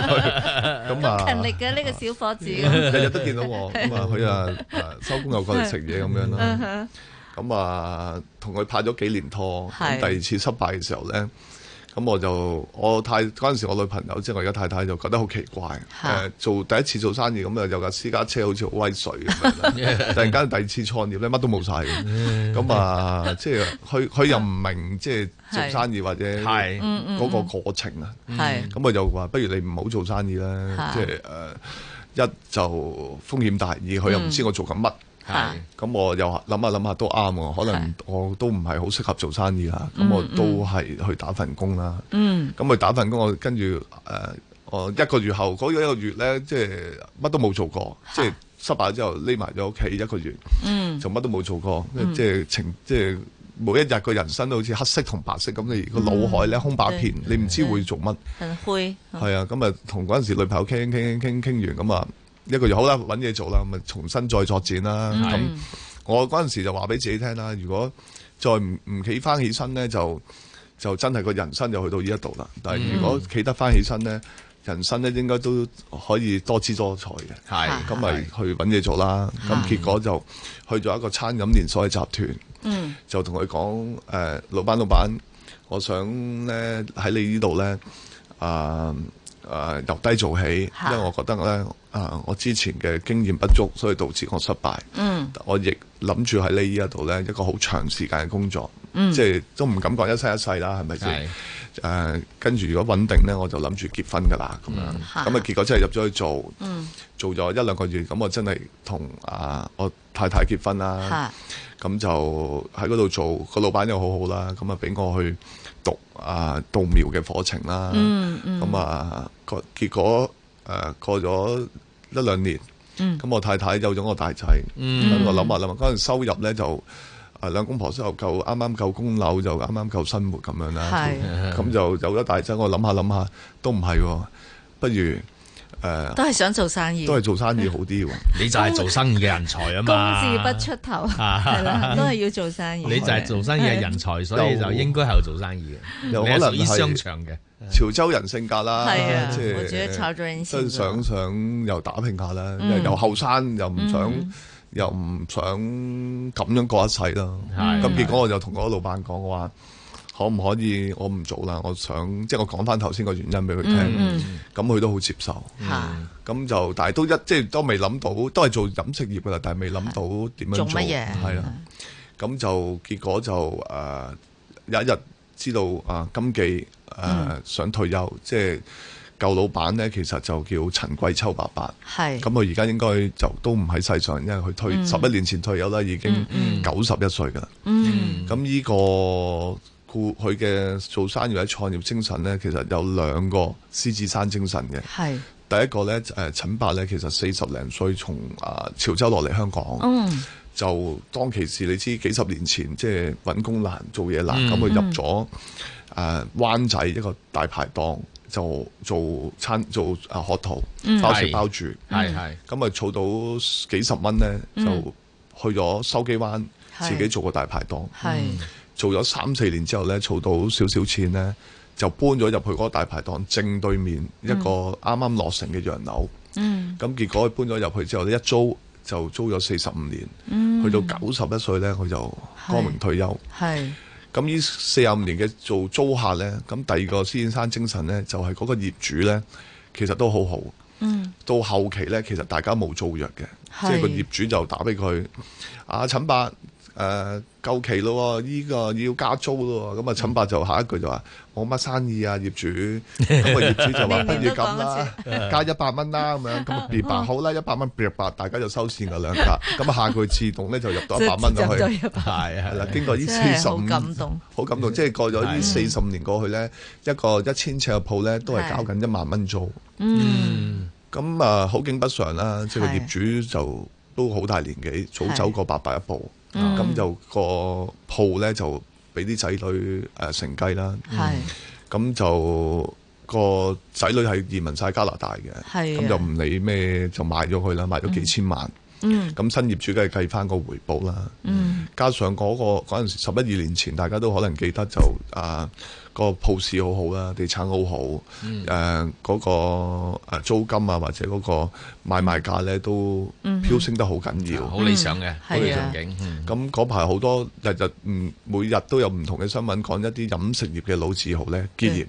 Speaker 9: 佢，咁啊勤力
Speaker 7: 嘅呢個小伙子，
Speaker 9: 日日都見到我，咁啊佢啊收工又過嚟食嘢咁樣啦，咁啊同佢拍咗幾年拖，第二次失敗嘅時候咧。咁我就我太，嗰陣時我女朋友，即係我而家太太，就覺得好奇怪誒、啊呃、做第一次做生意咁啊、呃、有架私家車好似好威水咁樣， *laughs* 突然間第二次創業咧，乜都冇晒嘅，咁 *laughs* 啊即係佢佢又唔明，即係是做生意或者係嗰個過程啊，咁是、嗯嗯、我就話是不如你唔好做生意啦，即係誒一就風險大，二佢又唔知我做緊乜。嗯係，咁我又諗下諗下都啱喎，可能我都唔係好適合做生意啦，咁我都係去打份工啦。嗯，咁、嗯、去打份工，我跟住誒，我一個月後嗰一、嗰個月咧，即係乜都冇做過，即係失敗之後匿埋咗屋企一個月，嗯，就乜都冇做過，嗯、即係情，即係每一日個人生都好似黑色同白色咁、嗯那個，你個腦海咧空白片，你唔知會做
Speaker 8: 乜，係
Speaker 9: 啊，咁啊同嗰陣時女朋友傾傾傾傾傾完咁啊。一個月好啦，搵嘢做啦，咪重新再作戰啦。咁、嗯、我嗰陣時就話俾自己聽啦，如果再唔唔企翻起身咧，就就真係個人生就去到呢一度啦。但係如果企得翻起身咧、嗯，人生咧應該都可以多姿多彩嘅。係咁咪去搵嘢做啦。咁結果就去咗一個餐飲連鎖嘅集團。嗯，就同佢講誒老闆老闆我想咧喺你呢度咧啊。呃誒、呃、由低做起，因為我覺得咧，啊、呃、我之前嘅經驗不足，所以導致我失敗。嗯，我亦諗住喺呢一度咧一個好長時間嘅工作，嗯、即係都唔敢講一生一世啦，係咪先？係誒，跟住如果穩定咧，我就諗住結婚㗎啦，咁樣。咁啊、嗯嗯、結果真係入咗去做，嗯，做咗一兩個月，咁我真係同啊我太太結婚啦，咁係就喺嗰度做，個老闆又好好啦，咁啊俾我去。讀啊讀苗嘅課程啦，咁、嗯嗯、啊過結果誒、啊、過咗一兩年，咁、嗯啊、我太太有咗我大仔，我諗下諗下嗰陣收入咧就，啊兩公婆收入夠啱啱夠供樓，就啱啱夠生活咁樣啦，咁就有咗大仔，我諗下諗下都唔係，不如。誒，都係
Speaker 7: 想做生意，都係做
Speaker 9: 生意好啲喎。你就係做生意嘅人才啊嘛，工字不
Speaker 7: 出頭，係啦，都係要做生
Speaker 2: 意。你就係做生意嘅人才，所以就應
Speaker 9: 該係做生意嘅，又可能係商場嘅潮州人性格啦，即係想想又打拼下啦，又後生又唔想又唔想咁樣過一世啦，係。咁結果我就同嗰個老闆講話，可唔可以？我唔做啦。我想即係我講翻頭先個原因俾佢聽，咁佢都好接受。咁就但係都一即係都未諗到，都係做飲食業噶啦。但係未諗到點樣做？做乜嘢？係啦。咁就結果就誒有一日知道啊金記誒想退休，即係舊老闆呢，其實就叫陳桂秋爸爸。
Speaker 7: 係
Speaker 8: 咁，
Speaker 9: 佢而家應該就都唔喺世上，因為佢退十一年前退休啦，已經九十一歲噶啦。嗯，咁呢個。佢嘅做生意或者創業精神咧，其實有兩個獅子山精神嘅。係第一個咧，誒陳伯咧，其實四十零歲從啊潮州落嚟香港，嗯、就當其時你知幾十年前，即係揾工難、做嘢難，咁、嗯、佢入咗誒、啊、灣仔一個大排檔，就做餐做誒學徒、嗯，包食包住，係係咁啊，儲、嗯、到幾十蚊咧，就去咗筲箕灣、嗯、自己做個大排檔。係。嗯做咗三四年之後呢，儲到少少錢呢，就搬咗入去嗰個大排檔正對面一個啱啱落成嘅洋樓。咁、嗯嗯嗯嗯、結果佢搬咗入去之後呢，一租就租咗四十五年，去、嗯嗯嗯、到九十一歲呢，佢就光明退休。咁呢四十五年嘅做租客呢，咁第二個先生精神呢，就係嗰個業主呢，其實都好好。嗯
Speaker 8: 嗯
Speaker 9: 嗯、到後期呢，其實大家冇租約嘅，即係、就是、個業主就打俾佢阿陳伯。誒夠期咯，呢個要加租咯，咁啊陳伯就下一句就話：冇乜生意啊，業主。咁啊業主就話：不如咁啦，加一百蚊啦，咁樣，咁啊伯好啦，一百蚊入八，大家就收線個兩格。咁啊下個月自動咧就入到一百蚊落去。係啊，係啦，經過呢四十五年，好感動，好感動。即係過咗呢四十五年過去咧，一個一千尺嘅鋪咧都係交緊一萬蚊租。嗯，咁啊好景不常啦，即係業主就都好大年紀，早走過八百一步。咁、嗯、就、個鋪咧就俾啲仔女誒承繼啦。咁、嗯、就、個仔女係移民晒加拿大嘅，咁是的 就唔理咩，就賣咗佢啦，賣咗幾千萬。嗯咁、嗯、新業主梗係計翻個回報啦，嗯、加上嗰、嗰個嗰時十一二年前，大家都可能記得就啊、嗰個鋪市好好啦，地產好好，誒嗰、嗯啊嗰個租金啊或者嗰個買賣價咧都飆升得好緊要，好、嗯、理想嘅好嘅環境。咁嗰排好多日日唔每日都有唔同嘅新聞講一啲飲食業嘅老字號咧，結業。嗯。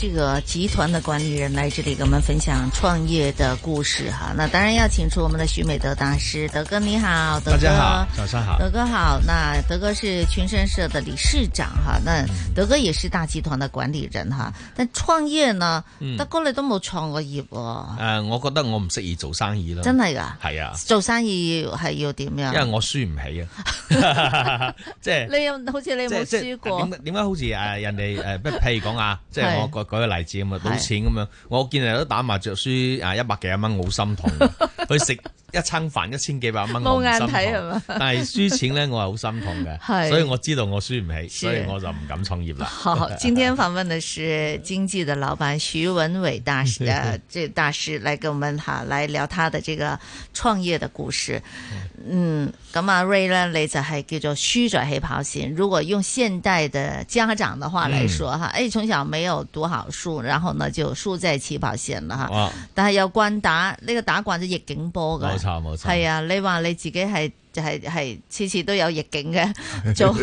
Speaker 7: 這個集團的管理人來這裏跟我們分享創業的故事哈，那當然要請出我們的許美德大師，德哥你好，大家好，
Speaker 8: 早上好，德哥
Speaker 7: 好。那德哥是群山社的理事長哈，那德哥也是大集團的管理人哈，但創業呢，德哥你都冇創過業喎，啊。誒、
Speaker 2: 呃，我覺得我唔適宜做生意咯。真係噶？係啊。做
Speaker 7: 生意係要點樣？因為
Speaker 2: 我輸唔起啊，即 *laughs* 係、 *laughs* 就是。 *laughs* 你
Speaker 7: 又好似你冇輸過。
Speaker 2: 點、就、解、是就是、好似誒人哋誒，譬如講啊，即係、呃啊、 *laughs* 是說 *laughs* *laughs* 我個。 *laughs* 舉個例子咁嘛，賭錢咁樣，我見人都打麻將輸啊一百幾十蚊，好心痛，去食， *laughs* 一餐飯一千幾百蚊，冇眼睇係嘛？但係輸錢咧，我係好心痛嘅， *laughs* 所以我知道我輸唔起，所以我就唔敢創業啦。好，今
Speaker 7: 天訪問的是經濟的老闆許文偉大師，啊，這大師來跟我們哈，來聊他的這個創業的故事。 *laughs* 嗯，咁阿 Ray 咧，你就係叫做輸在起跑線。如果用現代的家長的話來說哈，誒、嗯，從小沒有讀好書，然後呢就輸在起跑線了哈、啊。但係要慣打呢、這個打慣就逆境波噶。係啊，你話你自己係就係係次次都有逆境嘅做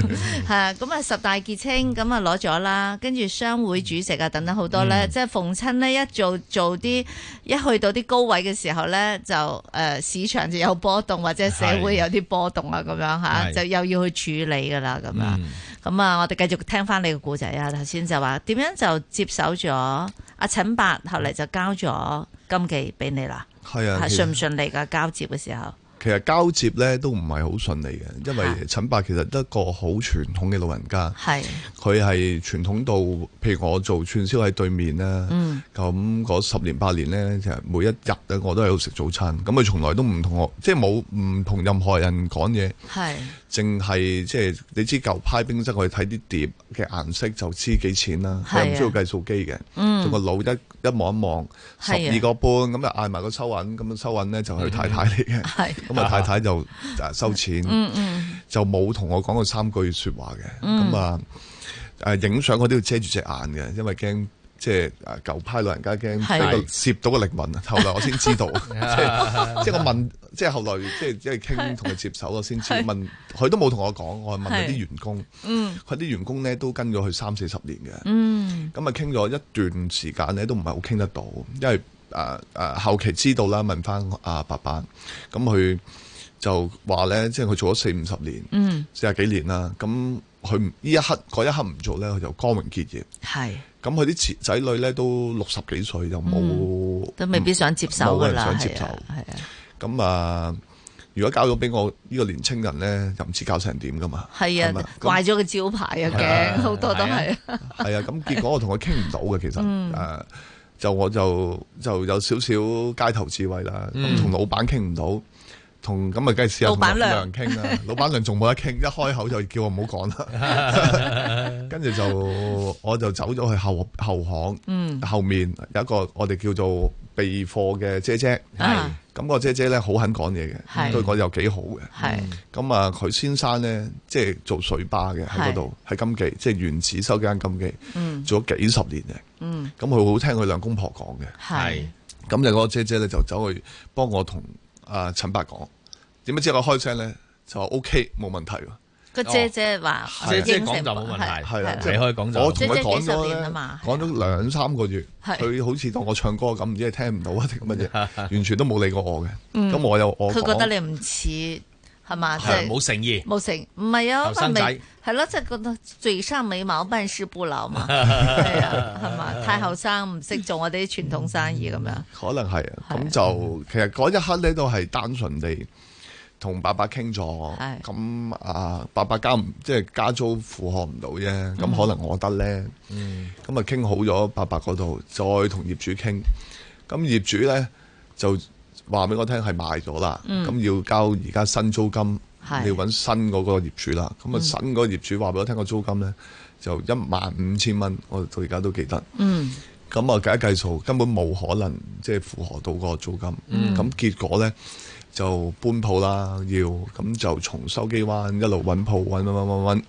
Speaker 7: 吓，咁 *laughs* 啊十大傑青咁，啊攞咗啦，跟住商會主席啊等等好多咧、嗯，即係逢親呢，一做做啲一,一去到啲高位嘅時候咧，就誒、呃、市場就有波動或者社會有啲波動啊咁樣吓，就又要去處理噶啦咁樣。咁、嗯、啊，我哋繼續聽翻你嘅故仔啊，頭先就話點樣就接手咗阿陳伯，後嚟，就交咗金記俾你啦。係啊，係順唔順利噶交接嘅時候？
Speaker 9: 其實交接咧都唔係好順利嘅，因為陳伯其實一個好傳統嘅老人家，佢係傳統到，譬如我做串燒喺對面啦，咁、嗯、嗰十年八年咧，其實每一日咧我都喺度食早餐，咁佢從來都唔同我，即係冇唔同任何人講嘢，淨係即係你知舊派冰室，我睇啲碟嘅顏色就知幾錢啦，唔需要計數機嘅，用、嗯、個腦一一望一望十二個半咁啊，嗌埋個收銀，咁收銀咧就係太太嚟嘅。個太太就收錢，就冇同我講過三句説話嘅。咁、嗯、啊，誒影相嗰啲要遮住隻眼嘅，因為驚即係誒舊派老人家驚個攝到個靈魂啊。後來我先知道， *laughs* 即係 *laughs* 即係我問，即係後來即係即係傾同佢接手啊，先知道問佢都冇同我講，我係問佢啲員工，佢啲員工咧都跟咗佢三四十年嘅。咁、嗯、啊，傾咗一段時間咧，都唔係好傾得到，因為。誒、啊、誒、啊，後期知道啦，問翻阿伯伯，咁、啊、佢就話咧，即係佢做咗四五十年，四十幾年啦，咁佢呢一刻嗰一刻唔做咧，佢就光榮結業。咁佢啲仔仔女咧都六十幾歲，又冇、嗯、都未必想接受噶啦，冇人想接受啊。咁啊，如果搞咗俾我呢個年青人咧，又唔知搞成點噶嘛？係啊，壞咗
Speaker 7: 個招牌啊！嘅好多都係。
Speaker 9: 係啊，咁、 *laughs* 啊、結果我同佢傾唔到嘅，其實就我就就有少少街頭智慧啦，咁同、嗯、老闆傾唔到，同咁咪梗係試下同老闆娘傾啦。試試老闆娘仲冇得傾， *laughs* 一開口就叫我唔好講啦。跟住 *laughs* *laughs* 就我就走咗去後後巷，嗯、後面有一個我哋叫做備貨嘅姐姐，咁、嗯，那個姐姐咧好肯講嘢嘅，對我又幾好嘅。咁啊是，佢、嗯、先生咧即係做水吧嘅喺嗰度，喺金記，即、就、係、是、原始收間金，金記，做咗幾十年嘅。嗯，咁佢好聽佢兩公婆講嘅，係，咁就嗰個姐姐咧就走去幫我同阿陳伯講，點解之後我開聲咧就 OK 冇問題，個姐姐
Speaker 7: 話姐姐講就冇問題，係啦離開講就我同佢講咗咧，
Speaker 9: 講咗兩三個月，佢好似當我唱歌咁，唔知係聽唔到啊定乜嘢，完全都冇理過我嘅，咁我又我佢覺得你
Speaker 7: 唔似。係嘛？即係冇誠意，冇誠，唔係啊！後生仔係咯，即係覺得嘴上沒毛，辦事不牢嘛，係 *laughs* 啊，係嘛，太後生唔識做我哋啲傳統生
Speaker 9: 意咁、嗯、樣、嗯。可能係啊，咁就、嗯、其實嗰一刻咧都係單純地同爸爸傾咗，咁、嗯、啊，爸爸加即係加租負荷唔到啫，咁可能我得咧，咁啊傾好咗，爸爸嗰度再同業主傾，咁業主咧就。話俾我聽係賣咗啦，咁、嗯、要交而家新租金，你要揾新嗰個業主啦。咁、嗯、啊，新嗰個業主話俾我聽個租金咧就一萬五千蚊，我到而家都記得。咁、嗯、啊，計一計數根本冇可能，即係符合到個租金。咁、嗯、結果咧就搬鋪啦，要咁就從筲箕灣一路揾鋪揾揾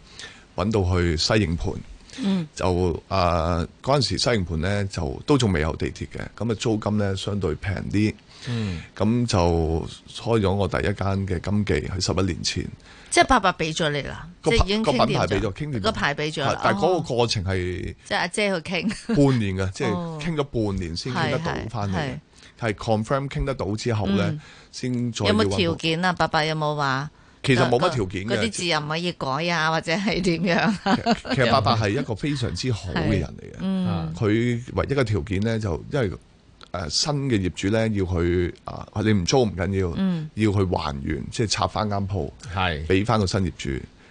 Speaker 9: 揾到去西營盤。嗯、就啊嗰陣時西營盤咧就都仲未有地鐵嘅，咁啊租金咧相對平啲。嗯，咁就開咗我第一間嘅金記喺十一年前，
Speaker 7: 即係伯伯俾咗你啦、啊，即係已經了個品牌俾咗，傾、那個、牌俾咗，但係嗰個過程係即係阿姐去傾半
Speaker 9: 年嘅、哦，即係傾咗半年先傾得到翻嚟，係 confirm 傾得到之後咧先、嗯、再。有冇條
Speaker 7: 件啊？伯伯有
Speaker 9: 冇話？其實冇乜條件嘅，嗰啲字
Speaker 7: 又唔可以改啊，或者係點樣？其實伯
Speaker 9: 伯係一個非常之好嘅人嚟
Speaker 7: 嘅，
Speaker 9: 佢、嗯、唯一嘅條件咧就因為。誒，新嘅業主咧，要去啊，你唔租唔緊要，嗯、要去還原，即係拆翻間鋪，係俾翻個新業主。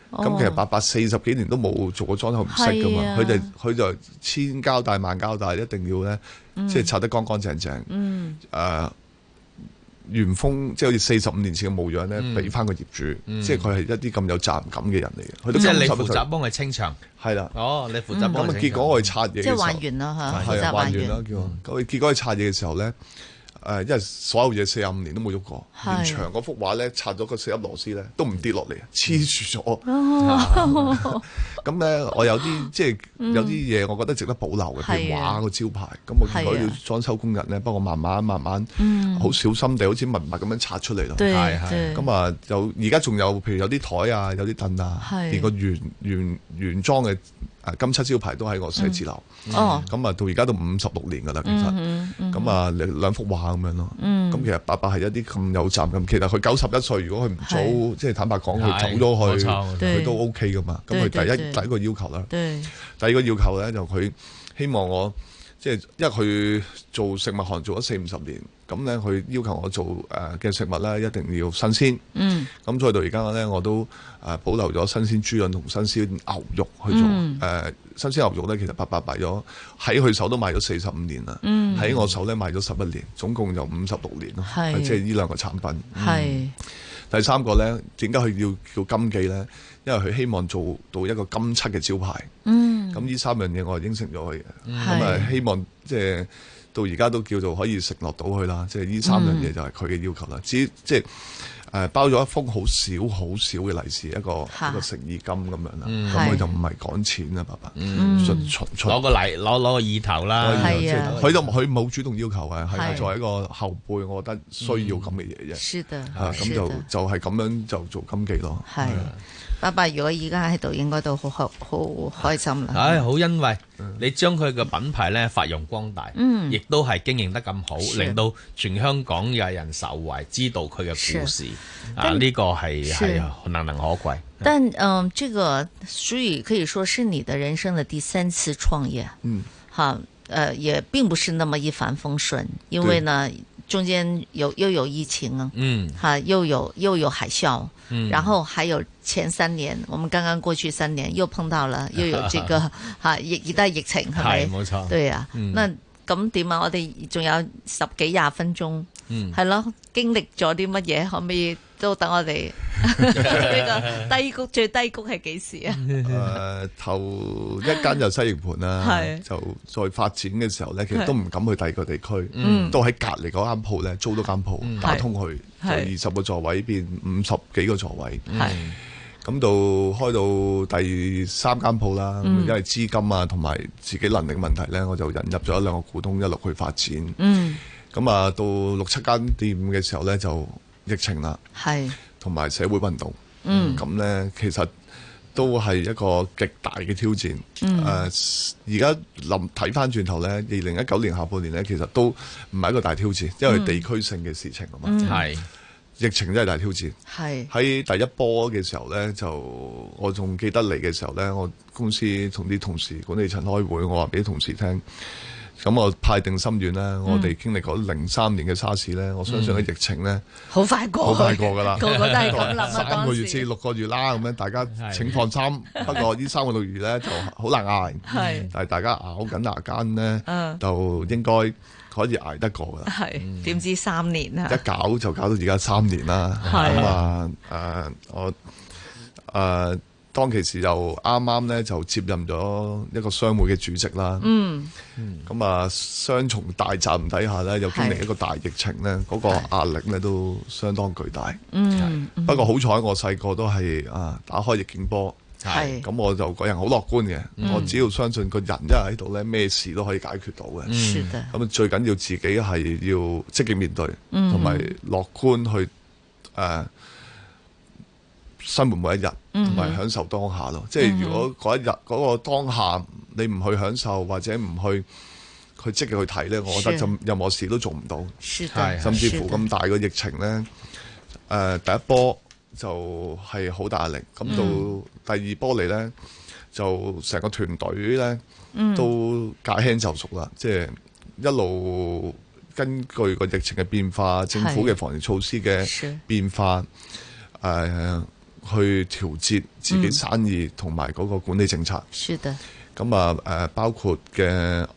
Speaker 8: 咁、哦、其實八
Speaker 9: 百四十幾年都冇做過裝修唔識㗎嘛，佢哋佢就千交代萬交代，一定要咧，嗯、即係拆得乾乾淨淨，嗯啊。呃原封即係好似四十五年前嘅模樣咧，俾翻個業主，嗯、即係佢係一啲咁有責任感嘅人嚟嘅。即係你負責
Speaker 2: 幫佢清場。係啦的。哦，你
Speaker 9: 負責。咁啊、嗯，結果我哋擦嘢嘅時候即係還完啦嚇。係啊，還的完啦叫。咁啊、嗯，結果我哋擦嘢嘅時候咧。誒，因為所有嘢四十五年都冇喐過，連牆嗰幅畫咧拆咗，個四粒螺絲咧都唔跌落嚟，黐住咗。咁咧我有啲即係有啲嘢，我覺得值得保留嘅，譬如畫個招牌。咁我叫咗啲裝修工人咧，幫我慢慢慢慢，好小心地，好似文物咁樣拆出嚟咯。係係。咁啊，有而家仲有，譬如有啲台啊，有啲凳啊，連個原原原裝嘅。金漆招牌都喺我寫字樓，咁啊、嗯嗯、到而家都五十六年噶啦，其實，咁啊兩幅畫咁樣咯，咁、嗯、其實伯伯係一啲咁有質感，其實佢九十一歲如果佢唔早，是即係坦白講佢走咗去，佢都 OK 噶嘛，咁佢對第一對對對第一個要求啦，對第二個要求咧就佢希望我。即係一佢做食物行做咗四五十年，咁咧佢要求我做誒嘅食物咧一定要新鮮。嗯。咁再到而家咧，我都誒保留咗新鮮豬膶同新鮮牛肉去做。誒、嗯呃，新鮮牛肉咧，其實八八賣咗喺佢手都賣咗四十五年啦。嗯。喺我手咧賣咗十一年，總共就五十六年咯。係。即係呢兩個產品。係、嗯。第三個咧，點解佢要叫金記咧？因為佢希望做到一個金漆嘅招牌，咁、嗯、呢三樣嘢我係應承咗佢，咁、嗯、啊、嗯、希望即係、就是、到而家都叫做可以承諾到佢啦。即係呢三樣嘢就係佢嘅要求啦、嗯。只即係誒包咗一封好少好少嘅利是，一個一個誠意金咁樣啦。咁、嗯、佢就唔係講錢啦、嗯，爸爸，純純攞個禮
Speaker 2: 攞攞個意頭啦。
Speaker 9: 佢、啊、就佢、是、冇主動要求嘅，係、啊啊啊、作為一個後輩，我覺得需要咁嘅嘢啫。係咁、啊、就就係、是、咁樣就做金記咯。係、啊。
Speaker 7: 爸爸如果而家喺度，應該都好好開好開心
Speaker 2: 啦！唉，好欣慰，你將佢嘅品牌咧發揚光大，嗯，亦都係經營得咁好，令到全香港有人受惠，知道佢嘅故事啊！呢個係係難能可貴。但
Speaker 7: 嗯、啊，這個所以可、呃這個、可以說是你的人生的第三次創業，嗯，哈、啊，呃，也并不是那麼一帆風順，因為呢。中間有又有疫情，嗯、啊，吓又有又有海嘯，嗯，然後還有前三年，我們剛剛過去三年又碰到了又有這個吓疫而家疫情係咪？冇錯，對啊，嗯、那咁點啊？我哋仲有十幾廿分鐘，係、嗯、咯，經歷咗啲乜嘢可唔可以？就等我哋呢個低谷， *laughs* 最低谷係幾時啊？誒、
Speaker 9: 呃，頭一間就西營盤啦，就再發展嘅時候咧，其實都唔敢去第二個地區、嗯，都喺隔籬嗰間鋪咧，租多間鋪，打通去，二十個座位變五十幾個座位，咁、嗯、到開到第三間鋪啦，因為資金啊同埋自己能力問題咧、嗯，我就引入咗兩個股東一路去發展，咁、嗯、啊、嗯、到六七間店嘅時候咧就。疫情啦，係同埋社會運動，咁、嗯、呢其實都係一個極大嘅挑戰。誒、嗯，而家臨睇翻轉頭呢，二零一九年下半年呢，其實都唔係一個大挑戰，因為地區性嘅事情啊嘛。係疫情真係大挑戰。係喺第一波嘅時候呢，就我仲記得嚟嘅時候呢，我公司同啲同事管理層開會，我話俾啲同事聽。咁我派定心願啦！我哋經歷過零三年嘅沙士咧，我相信嘅疫情咧，
Speaker 7: 好快
Speaker 8: 過，好快過噶啦，個個都係咁諗三個月至
Speaker 9: 六個月啦，咁 *laughs* 樣大家請放心。 *laughs* 不過呢三個六月咧就好難捱，但係大家咬緊牙關咧、嗯，就應該可以捱得過噶啦。
Speaker 7: 點知三年啊、嗯！一
Speaker 9: 搞就搞到而家三年啦。咁、嗯嗯嗯、啊，誒我誒。啊當其時又啱啱咧就接任咗一個商會嘅主席啦，咁、嗯嗯、啊雙重大站底下咧又經歷一個大疫情咧，嗰、那個壓力咧都相當巨大。不過好彩我細個都係啊打開逆境波，咁我就個人好樂觀嘅。嗯，我只要相信個人一日喺度咧，咩事都可以解決到嘅。咁最緊要是自己係要積極面對，同埋樂觀去誒。啊生活每一日，同、mm-hmm. 埋享受當下咯。即係如果嗰一日嗰、嗰個當下你唔去享受，或者唔去去積極去睇呢，我覺得任任何事都做唔到，是的是的。甚至乎咁大嘅疫情呢、呃，第一波就係好大壓力，咁、嗯、到第二波嚟呢，就成個團隊呢、嗯、都駕輕就熟啦。即係一路根據個疫情嘅變化，的政府嘅防疫措施嘅變化，誒。呃去調節自己生意同埋嗰個管理政策，是咁啊，誒包括嘅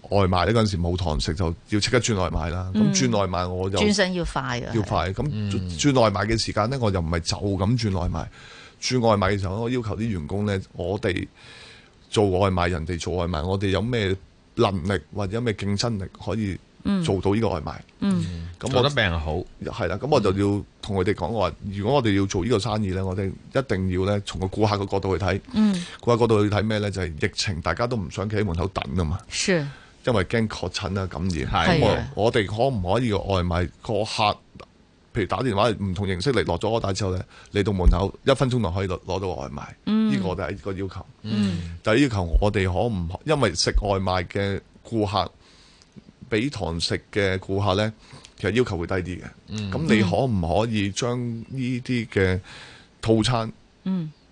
Speaker 9: 外賣咧，嗰陣時冇堂食就要即刻轉外賣啦。咁、嗯、轉外賣，我就，轉身要
Speaker 7: 快嘅，要快。
Speaker 9: 咁、嗯、轉外賣嘅時間呢，我又唔係就咁轉外賣。轉外賣嘅時候，我要求啲員工呢，我哋做外賣，人哋做外賣，我哋有咩能力或者有咩競爭力可以做到呢個外賣，咁、嗯嗯、做得病好係啦，咁我就要同佢哋講話：，如果我哋要做呢個生意咧，我哋一定要咧從個顧客嘅角度去睇，顧、嗯、客角度去睇咩咧？就係、是、疫情，大家都唔想企喺門口等啊嘛是，因為驚確診啊感染。咁我哋可唔可以外賣個客？譬如打電話唔同形式嚟落咗單之後咧，嚟到門口一分鐘就可以攞到外賣。呢個我哋係一個要求。嗯、但係要求我哋可唔可以因為食外賣嘅顧客？俾堂食嘅顧客呢，其實要求會低啲嘅。咁、嗯、你可唔可以將呢啲嘅套餐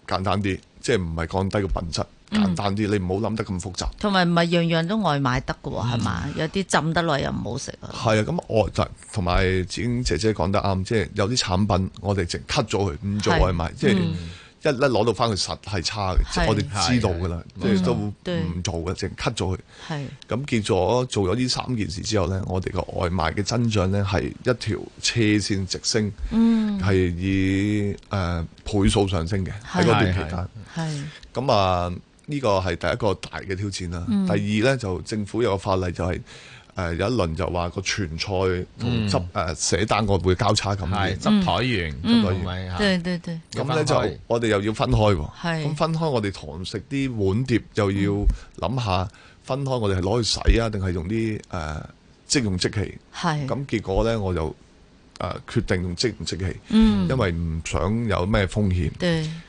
Speaker 9: 簡單啲、嗯？即係唔係降低個品質，嗯、簡單啲，你唔好諗得咁複雜。
Speaker 7: 同埋唔係樣樣都外賣得㗎喎，係、嗯、嘛？有啲浸得耐又唔好食啊。
Speaker 9: 係啊，咁外就同埋紫英姐姐講得啱，即係有啲產品我哋淨 cut 咗佢，唔做外賣，即一一攞到翻去實係差嘅，即係我哋知道噶啦，即係都唔做嘅，淨 cut 咗佢。咁結咗做咗呢三件事之後咧，我哋個外賣嘅增長咧係一條斜線直升，係、嗯、以誒倍數上升嘅喺嗰段期間。咁啊！呢個係第一個大嘅挑戰啦、嗯。第二咧就政府有個法例就係、是。誒、呃、有一輪就話個傳菜同執誒寫單我會交叉咁嘅，執台員，執台員，對對對，咁咧、嗯、就我哋又要分開喎。咁、嗯、分開我哋堂食啲碗碟又要諗下、嗯、分開，我哋係攞去洗啊，定係用啲誒即用即棄？係咁結果咧，我就誒、呃、決定用即用即棄，因為唔想有咩風險。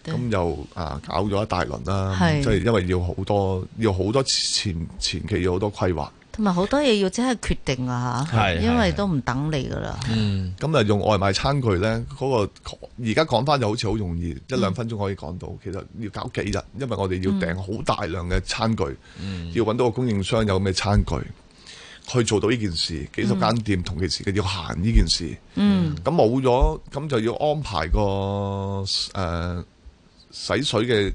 Speaker 8: 咁
Speaker 9: 又啊搞咗一大輪啦，即係、就是、因為要好多要好多前前，前期要好多規劃。
Speaker 7: 同埋好多嘢要即刻決定啊吓，是是是因為都唔等你噶啦。嗯，
Speaker 9: 咁啊用外賣餐具咧，嗰、嗰個而家講翻就好似好容易，一兩分鐘可以講到。嗯、其實要搞幾日，因為我哋要訂好大量嘅餐具，嗯、要搵到個供應商有咩餐具去做到呢件事。幾十間店同其時嘅要行呢件事。嗯，咁冇咗，咁就要安排個誒、呃、洗水嘅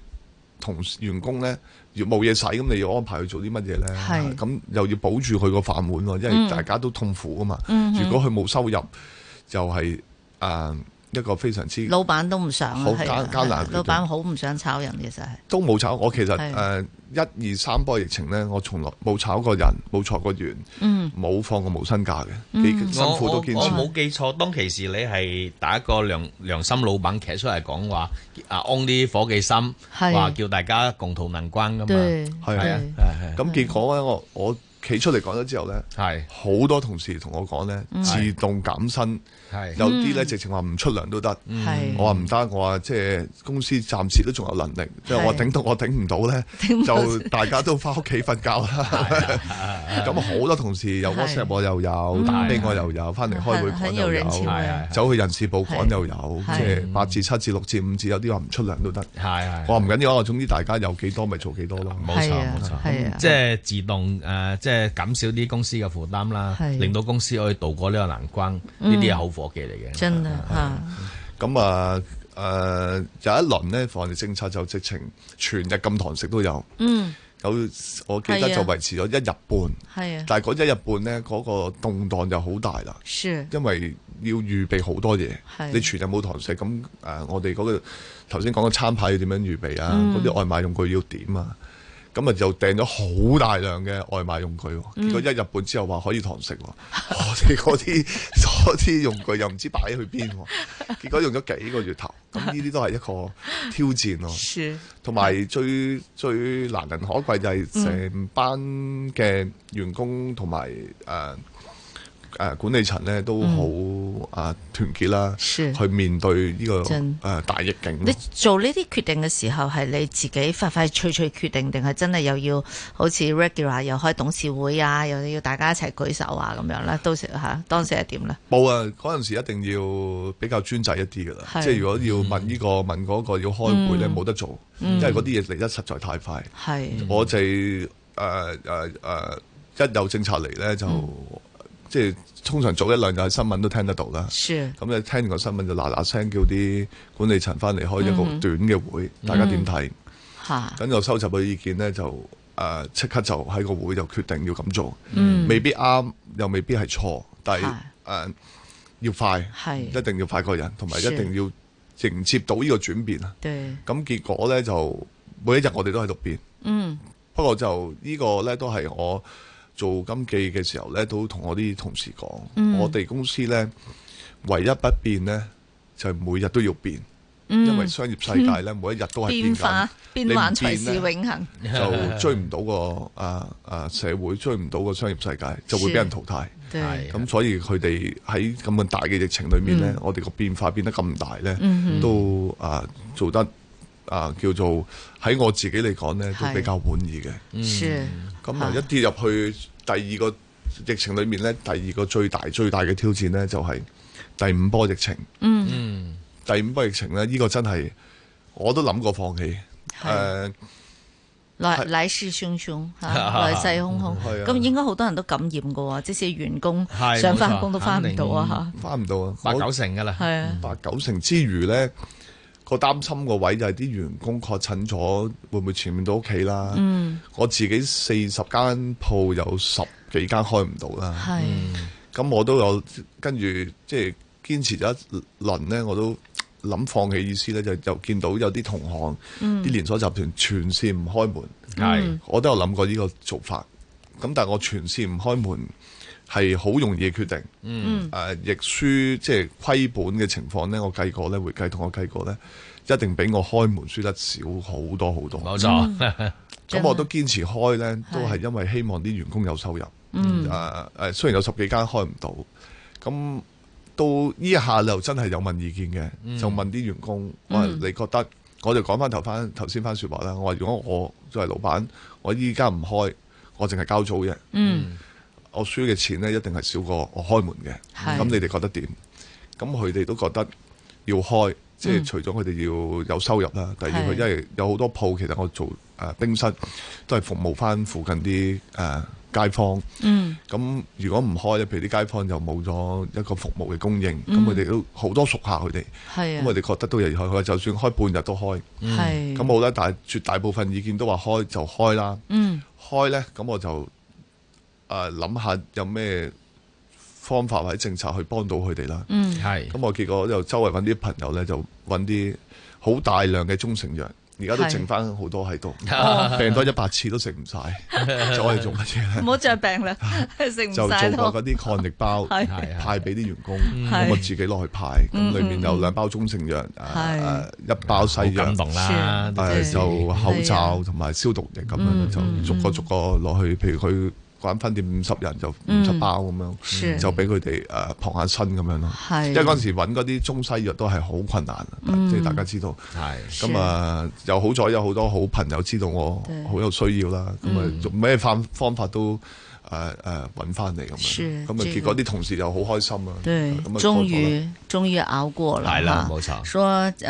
Speaker 9: 同員工咧。越冇嘢使咁，你要安排佢做啲乜嘢咧？咁是、啊、又要保住佢個飯碗喎，因為大家都痛苦啊嘛。嗯、哼如果佢冇收入，就係、是、啊、呃、一個非常之老板都唔想，好艱艱難。老板
Speaker 7: 好唔想炒人，其實係
Speaker 9: 都冇炒。我其實誒。一二三波疫情咧，我從來冇炒過人，冇錯過員，冇、嗯、放過無薪假嘅，幾辛苦都堅持。我我冇
Speaker 2: 記錯，當其時你係第一個良良心老闆企出嚟講
Speaker 9: 話，啊安啲夥計心，話叫大家共同難關噶嘛，係對啊，咁結果咧，我我企出嚟講咗之後咧，係好對是多同事同我講咧，自動減薪。有啲咧、嗯，直情話唔出糧都得，嗯。我話唔得，我話即係公司暫時都仲有能力。即係、就是、我頂到，我頂唔到咧，就大家都翻屋企瞓覺啦。咁好、啊 *laughs* 啊、 *laughs* 多同事又 WhatsApp 我又有，打電話又有，翻嚟開會講又有，有，有，走去人事部講又有。即係八折、七折、六折、五折。有啲話唔出糧都得。我話唔緊要，我話總之大家有幾多咪做幾多咯。冇錯冇錯，
Speaker 2: 即係自動，即係減少啲公司嘅負擔啦，令到公司可以渡
Speaker 9: 過呢個難關。呢啲係好火。我嘅嚟嘅，真啊！咁啊，誒，有一輪咧，防疫政策就直情全日禁堂食都有。嗯，有我記得就維持咗一日半。係啊，但係嗰一日半咧，嗰個動盪就好大啦。是，因為要預備好多嘢。係，你全日冇堂食，咁誒，我哋嗰個頭先講嘅餐牌要點樣預備啊？嗰啲外賣用具要點啊？咁啊，又訂咗好大量嘅外賣用具，嗯、結果一日半之後話可以堂食， *laughs* 我哋嗰啲嗰啲用具又唔知擺去邊，結果用咗幾個月頭，咁呢啲都係一個挑戰咯。同埋最最難能可貴就係成班嘅員工同埋誒。嗯呃誒、啊、管理層咧都好、嗯、啊團結啦，去面對呢、這個誒、啊、大逆境。你
Speaker 7: 做呢啲決定嘅時候，係你自己快快脆脆決定，定係真係又要好似 regular 又開董事會啊，又要大家一齊舉手啊咁樣啦、啊。當時嚇，當時係點咧？
Speaker 9: 冇啊！嗰陣時一定要比較專制一啲㗎喇，即係、就是、如果要問呢、這個、嗯、問嗰個要開會咧，冇、嗯、得做，因為嗰啲嘢嚟得實在太快。係、嗯、我哋誒誒誒，一有政策嚟咧就。嗯即係通常早一兩日新聞都聽得到啦，咁你聽完個新聞就嗱嗱聲叫啲管理層翻嚟開一個短嘅會、嗯，大家點睇？吓咁就收集個意見咧，就誒即、呃、刻就喺個會就決定要咁做、嗯，未必啱又未必係錯，但係、呃、要快，一定要快過人，同埋一定要迎接到呢個轉變啊！咁結果咧就每一日我哋都喺度變、嗯，不過就個呢個咧都係我。做金記嘅時候咧，都同我啲同事講、嗯，我哋公司咧唯一不變咧，就係、每日都要變、嗯，因為商業世界咧，每一日都係變、嗯、變化，變幻隨時永恒， *laughs* 就追唔到個啊啊社會，追唔到個商業世界，就會俾人淘汰。係咁，所以佢哋喺咁嘅大嘅疫情裏面咧、嗯，我哋個變化變得咁大咧、嗯，都啊做得啊叫做喺我自己嚟講咧，都比較滿意嘅。是。嗯嗯咁啊！一跌入去第二個疫情裏面咧，第二個最大最大嘅挑戰咧，就係、是、第五波疫情。嗯，第五波疫情咧，呢、這個真係我都諗過放棄。誒、
Speaker 7: 啊呃，來勢洶洶、啊啊，來勢洶洶。係、嗯、咁、啊、應該好多人都感染嘅喎，即使員工想翻工都
Speaker 9: 翻唔到啊！嚇，翻唔到啊，八九成嘅啦、啊，八九成之餘咧。個擔心個位就係啲員工確診咗，會唔會全面到屋企啦？我自己四十間鋪有十幾間開唔到啦。咁是、嗯、我都有跟住即係堅持咗一輪呢。我都諗放棄意思呢，就又見到有啲同行啲、嗯、連鎖集團全線唔開門。係是，我都有諗過呢個做法。咁但係我全線唔開門。係好容易嘅決定，嗯，誒、啊，亦輸即係虧本嘅情況咧，我計過咧，會計同我計過咧，一定比我開門輸得少好多好多，冇錯。咁我都堅持開咧，都係因為希望啲員工有收入，嗯，啊，誒，雖然有十幾間開唔到，咁到呢一下又真係有問意見嘅，就問啲員工，我、嗯、你覺得，我就講翻頭翻頭先番說話啦，我話如果我作為老闆，我依家唔開，我淨係交租嘅，嗯。我輸嘅錢咧，一定係少過我開門嘅。咁你哋覺得點？咁佢哋都覺得要開，嗯、即係除咗佢哋要有收入啦。第二，佢因為有好多鋪，其實我做誒、呃、冰室都係服務翻附近啲誒、呃、街坊。咁、嗯、如果唔開，又譬如啲街坊又冇咗一個服務嘅供應，咁佢哋都好多熟客，佢哋咁我哋覺得都熱熱開就算開半日都開。咁好啦。但係絕大部分意見都話開就開啦。嗯、開呢，咁我就。誒、啊，諗下有咩方法或者政策去幫到佢哋啦。嗯，係。咁我結果就周圍搵啲朋友咧，就搵啲好大量嘅中成藥，而家都剩翻好多喺度、哦，病多一百次都食唔晒， *laughs* 就我哋做乜嘢咧？唔
Speaker 7: 好着病啦，食唔晒。就做過
Speaker 9: 嗰啲抗疫包，啊、派俾啲員工，咁、嗯、我自己落去派。咁、嗯、裏面有兩包中成藥，誒、嗯啊，一包西藥、啊，就口罩同埋消毒液咁樣、嗯，就逐個逐個落去，譬如佢。揾分店五十人就五十包咁、嗯、樣，就俾佢哋誒撲下身咁樣咯。因為嗰陣時揾嗰啲中西藥都係好困難，即、嗯、係大家知道。咁啊、呃，又好彩有好多好朋友知道我好有需要啦。咁啊，做咩方方法都誒誒揾翻嚟咁樣。咁、呃、啊，結果啲、這個、同事又好開心啊。對，咁啊，終於
Speaker 7: 終於熬過啦。係啦，冇錯。所以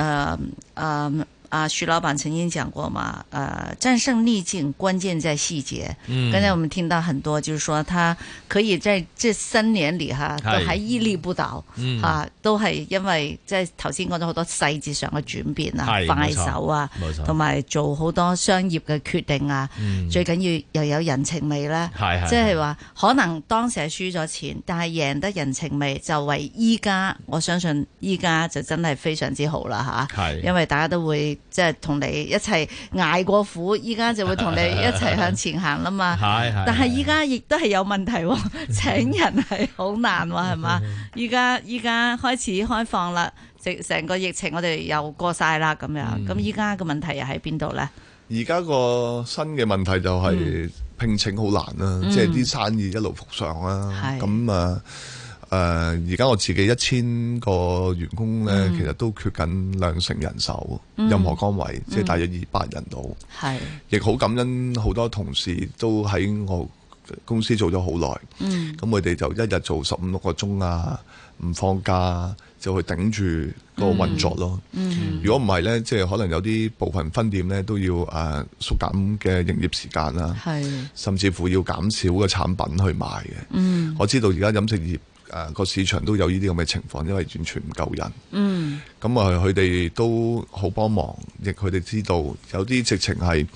Speaker 7: 誒啊，徐老闆曾經講過嘛，誒、呃，戰勝逆境關鍵在細節。嗯，剛才我們聽到很多，就是說他可以在這新年裏吓都喺屹立不倒，吓、嗯啊、都係因為即係頭先講咗好多細節上嘅轉變、嗯、啊，快手啊，同埋做好多商業嘅決定啊，嗯、最緊要又有人情味啦，係、嗯，即係話可能當時係輸咗錢，但係贏得人情味就為依家，我相信依家就真係非常之好啦吓，
Speaker 8: 係，因為
Speaker 7: 大家都會。即係同你一齊挨過苦，依家就會同你一齊向前行啦嘛。係係。但係依家亦都係有問題， *laughs* 請人係好難喎，係嘛？ *laughs* 依家依家開始開放啦，成成個疫情我哋又過晒啦，咁樣、嗯。咁依家個問題又喺邊度咧？
Speaker 9: 而家個新嘅問題就係聘請好難啦、啊，嗯、即係啲生意一路復上啦。咁啊。嗯誒，而家，呃，我自己一千個員工咧，嗯，其實都缺緊兩成人手，任何崗位，嗯，即係大約二百人度。係是，亦好感恩好多同事都喺我公司做咗好耐。嗯，咁佢哋就一日做十五六個鐘啊，唔放假，就去頂住個運作咯。如果唔係呢，即係，就是，可能有啲部分分店呢都要誒縮減嘅營業時間啦。係是，甚至乎要減少嘅產品去賣嘅。嗯，我知道而家飲食業。個、啊、市場都有呢啲咁嘅情況，因為完全唔夠人。嗯，咁啊，佢哋都好幫忙，亦佢哋知道有啲直情係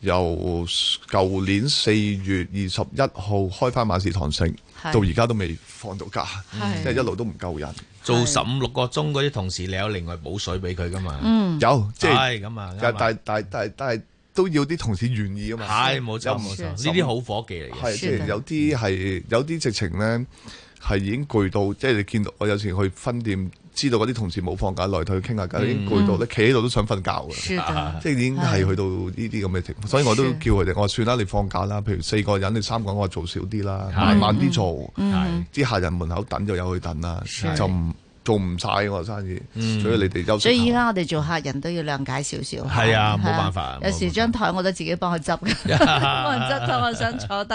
Speaker 9: 由舊年四月二十一號開返馬市堂食，到而家都未放到假，即係、就是、一路都唔夠人做十五六個鐘嗰啲同事，你有另外補水俾佢㗎嘛？嗯，有即係咁啊！但但但但但都要啲同事願意啊嘛！係冇錯冇錯、就是、呢啲好夥計嚟嘅。即係有啲係有啲直情咧。係已經攰到，即係你見到我有時去分店，知道嗰啲同事冇放假來同佢傾下偈，已經攰到咧，企喺度都想瞓覺嘅，即係已經係去到呢啲咁嘅情況。所以我都叫佢哋，我話算啦，你放假啦。譬如四個人，你三個人我做少啲啦，慢慢啲做，啲客人門口等就有去等啦，就做唔晒我生意，所以你哋休息。所以依
Speaker 7: 家我哋做客人都要諒解少少。係
Speaker 9: 啊，冇辦法。有時
Speaker 7: 張台我都自己幫佢執嘅，執台，我想坐低，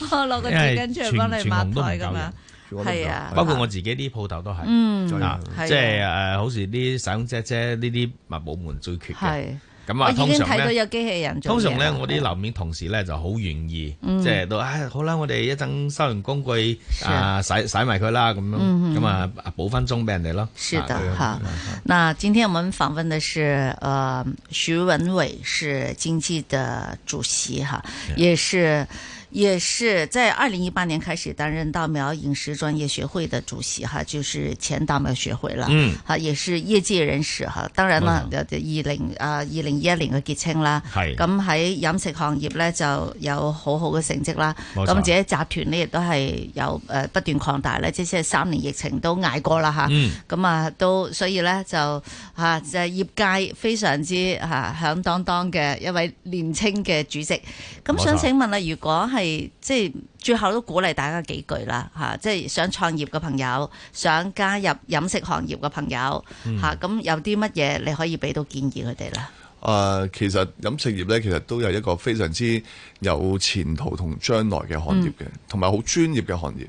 Speaker 7: 我攞個紙巾出嚟幫你抹台咁樣。
Speaker 2: 係啊，包括我自己啲鋪頭都係，嗱、啊，即係誒，好似啲手工姐姐呢啲部門最缺嘅。係，咁啊，通常睇到有
Speaker 7: 機器人，通常咧，我啲
Speaker 2: 樓面同事咧就好願意，即係都，唉、就是哎，好啦，我哋一陣收完工具啊，啊，洗洗埋佢啦，咁樣，咁、嗯、啊，補返鐘俾人哋咯。是的，好、啊啊啊。
Speaker 7: 那今天我們訪問的是，誒、呃，許文偉是經濟的主席，哈，也是。是也是在二零一八年開始擔任稻苗飲食專業學會的主席哈，就是前稻苗學會啦。嗯，也是業界人士吓，當然啦，二零啊二零二一年嘅結清啦。係咁喺飲食行業咧就有很好好嘅成績啦。咁自己集團咧亦都係有誒不斷擴大咧，即係三年疫情都挨過啦吓。嗯。咁啊都所以咧就吓、啊、就是、業界非常之吓響當當嘅一位年青嘅主席。咁想請問啊，如果係。係即係最後都鼓勵大家幾句啦吓，即係想創業嘅朋友，想加入飲食行業嘅朋友吓，咁、嗯、有啲乜嘢你可以俾到建議佢哋咧？
Speaker 9: 誒、呃，其實飲食業呢，其實都有一個非常之有前途同將來嘅行業嘅，同埋好專業嘅行業。誒、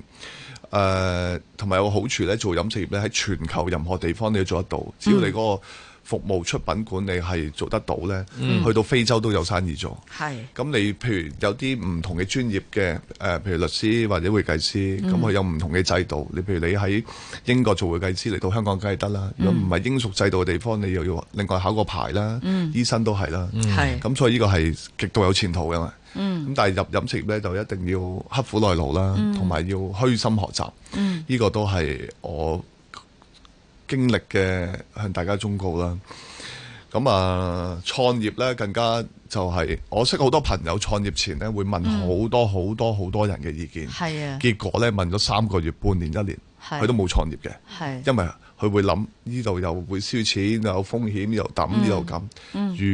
Speaker 9: 嗯，同、呃、埋有個好處呢，做飲食業呢，喺全球任何地方你都做得到，只要你嗰、那個。服務出品管理係做得到呢，嗯。去到非洲都有生意做。係咁，你譬如有啲唔同嘅專業嘅，呃，譬如律師或者會計師，咁，嗯，佢有唔同嘅制度。你譬如你喺英國做會計師嚟到香港梗係得啦。如果唔係英屬制度嘅地方，你又要另外考個牌啦，嗯。醫生都係啦。係咁，所以呢個係極度有前途㗎嘛。咁，嗯，但係入飲食業呢，就一定要刻苦耐勞啦，同，嗯，埋要虛心學習。呢，嗯呢個都係我。經歷嘅向大家忠告啦。咁啊，創業咧更加就係、是、我識好多朋友創業前咧會問好多好多好多，多人嘅意見。係、嗯、啊。結果咧問咗三個月、半年、一年，佢都冇創業嘅。因為佢會諗呢度又會燒錢，又有風險，又抌又咁。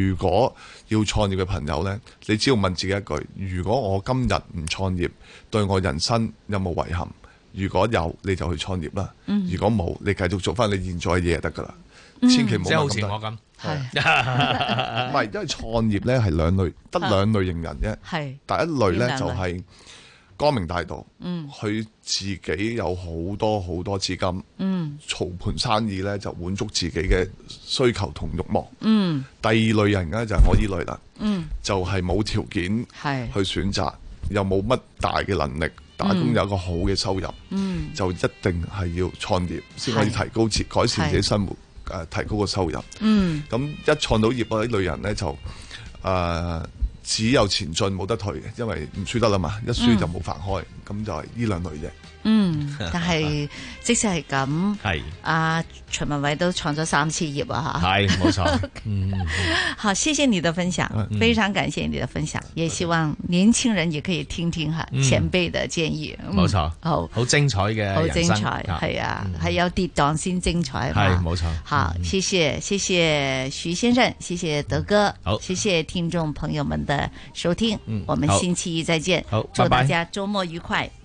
Speaker 9: 如果要創業嘅朋友咧，你只要問自己一句：如果我今日唔創業，對我人生有冇遺憾？如果有你就去創業啦，嗯、如果冇你繼續做翻你現在嘅嘢就得噶啦，嗯、千祈唔好好似我咁，係唔係？因為創業咧係兩類，得、啊、兩類型人啫。係第一類咧就係光明大道，嗯，佢自己有好多好多資金，嗯，炒盤生意咧就滿足自己嘅需求同慾望，嗯。第二類人咧就係我依類啦，嗯，就係冇條件係去選擇，嗯、又冇乜大嘅能力。打工有一個好嘅收入，嗯嗯，就一定係要創業先可以提高、自改善自己生活，呃、提高個收入。咁、嗯、一創到業嗰啲類人咧就誒、呃、只有前進冇得退嘅，因為唔輸得啦嘛，一輸就冇飯開，咁、嗯、就係呢兩類啫。
Speaker 7: *laughs* 嗯，但係即使係咁，係阿徐文偉都創咗三次業啊，係冇錯。好，謝謝你的分享，嗯、非常感謝你的分享，嗯、也希望年輕人也可以聽聽哈前輩的建議，冇錯、嗯。好，好
Speaker 2: 很精彩嘅人生精彩，係
Speaker 7: 啊，係有跌宕先精彩，係冇錯。好、嗯，謝謝，謝謝徐先生，謝謝德哥，嗯、好，謝謝聽眾朋友們的收聽、嗯，我們星期一再見，好，祝大家周末愉快。拜拜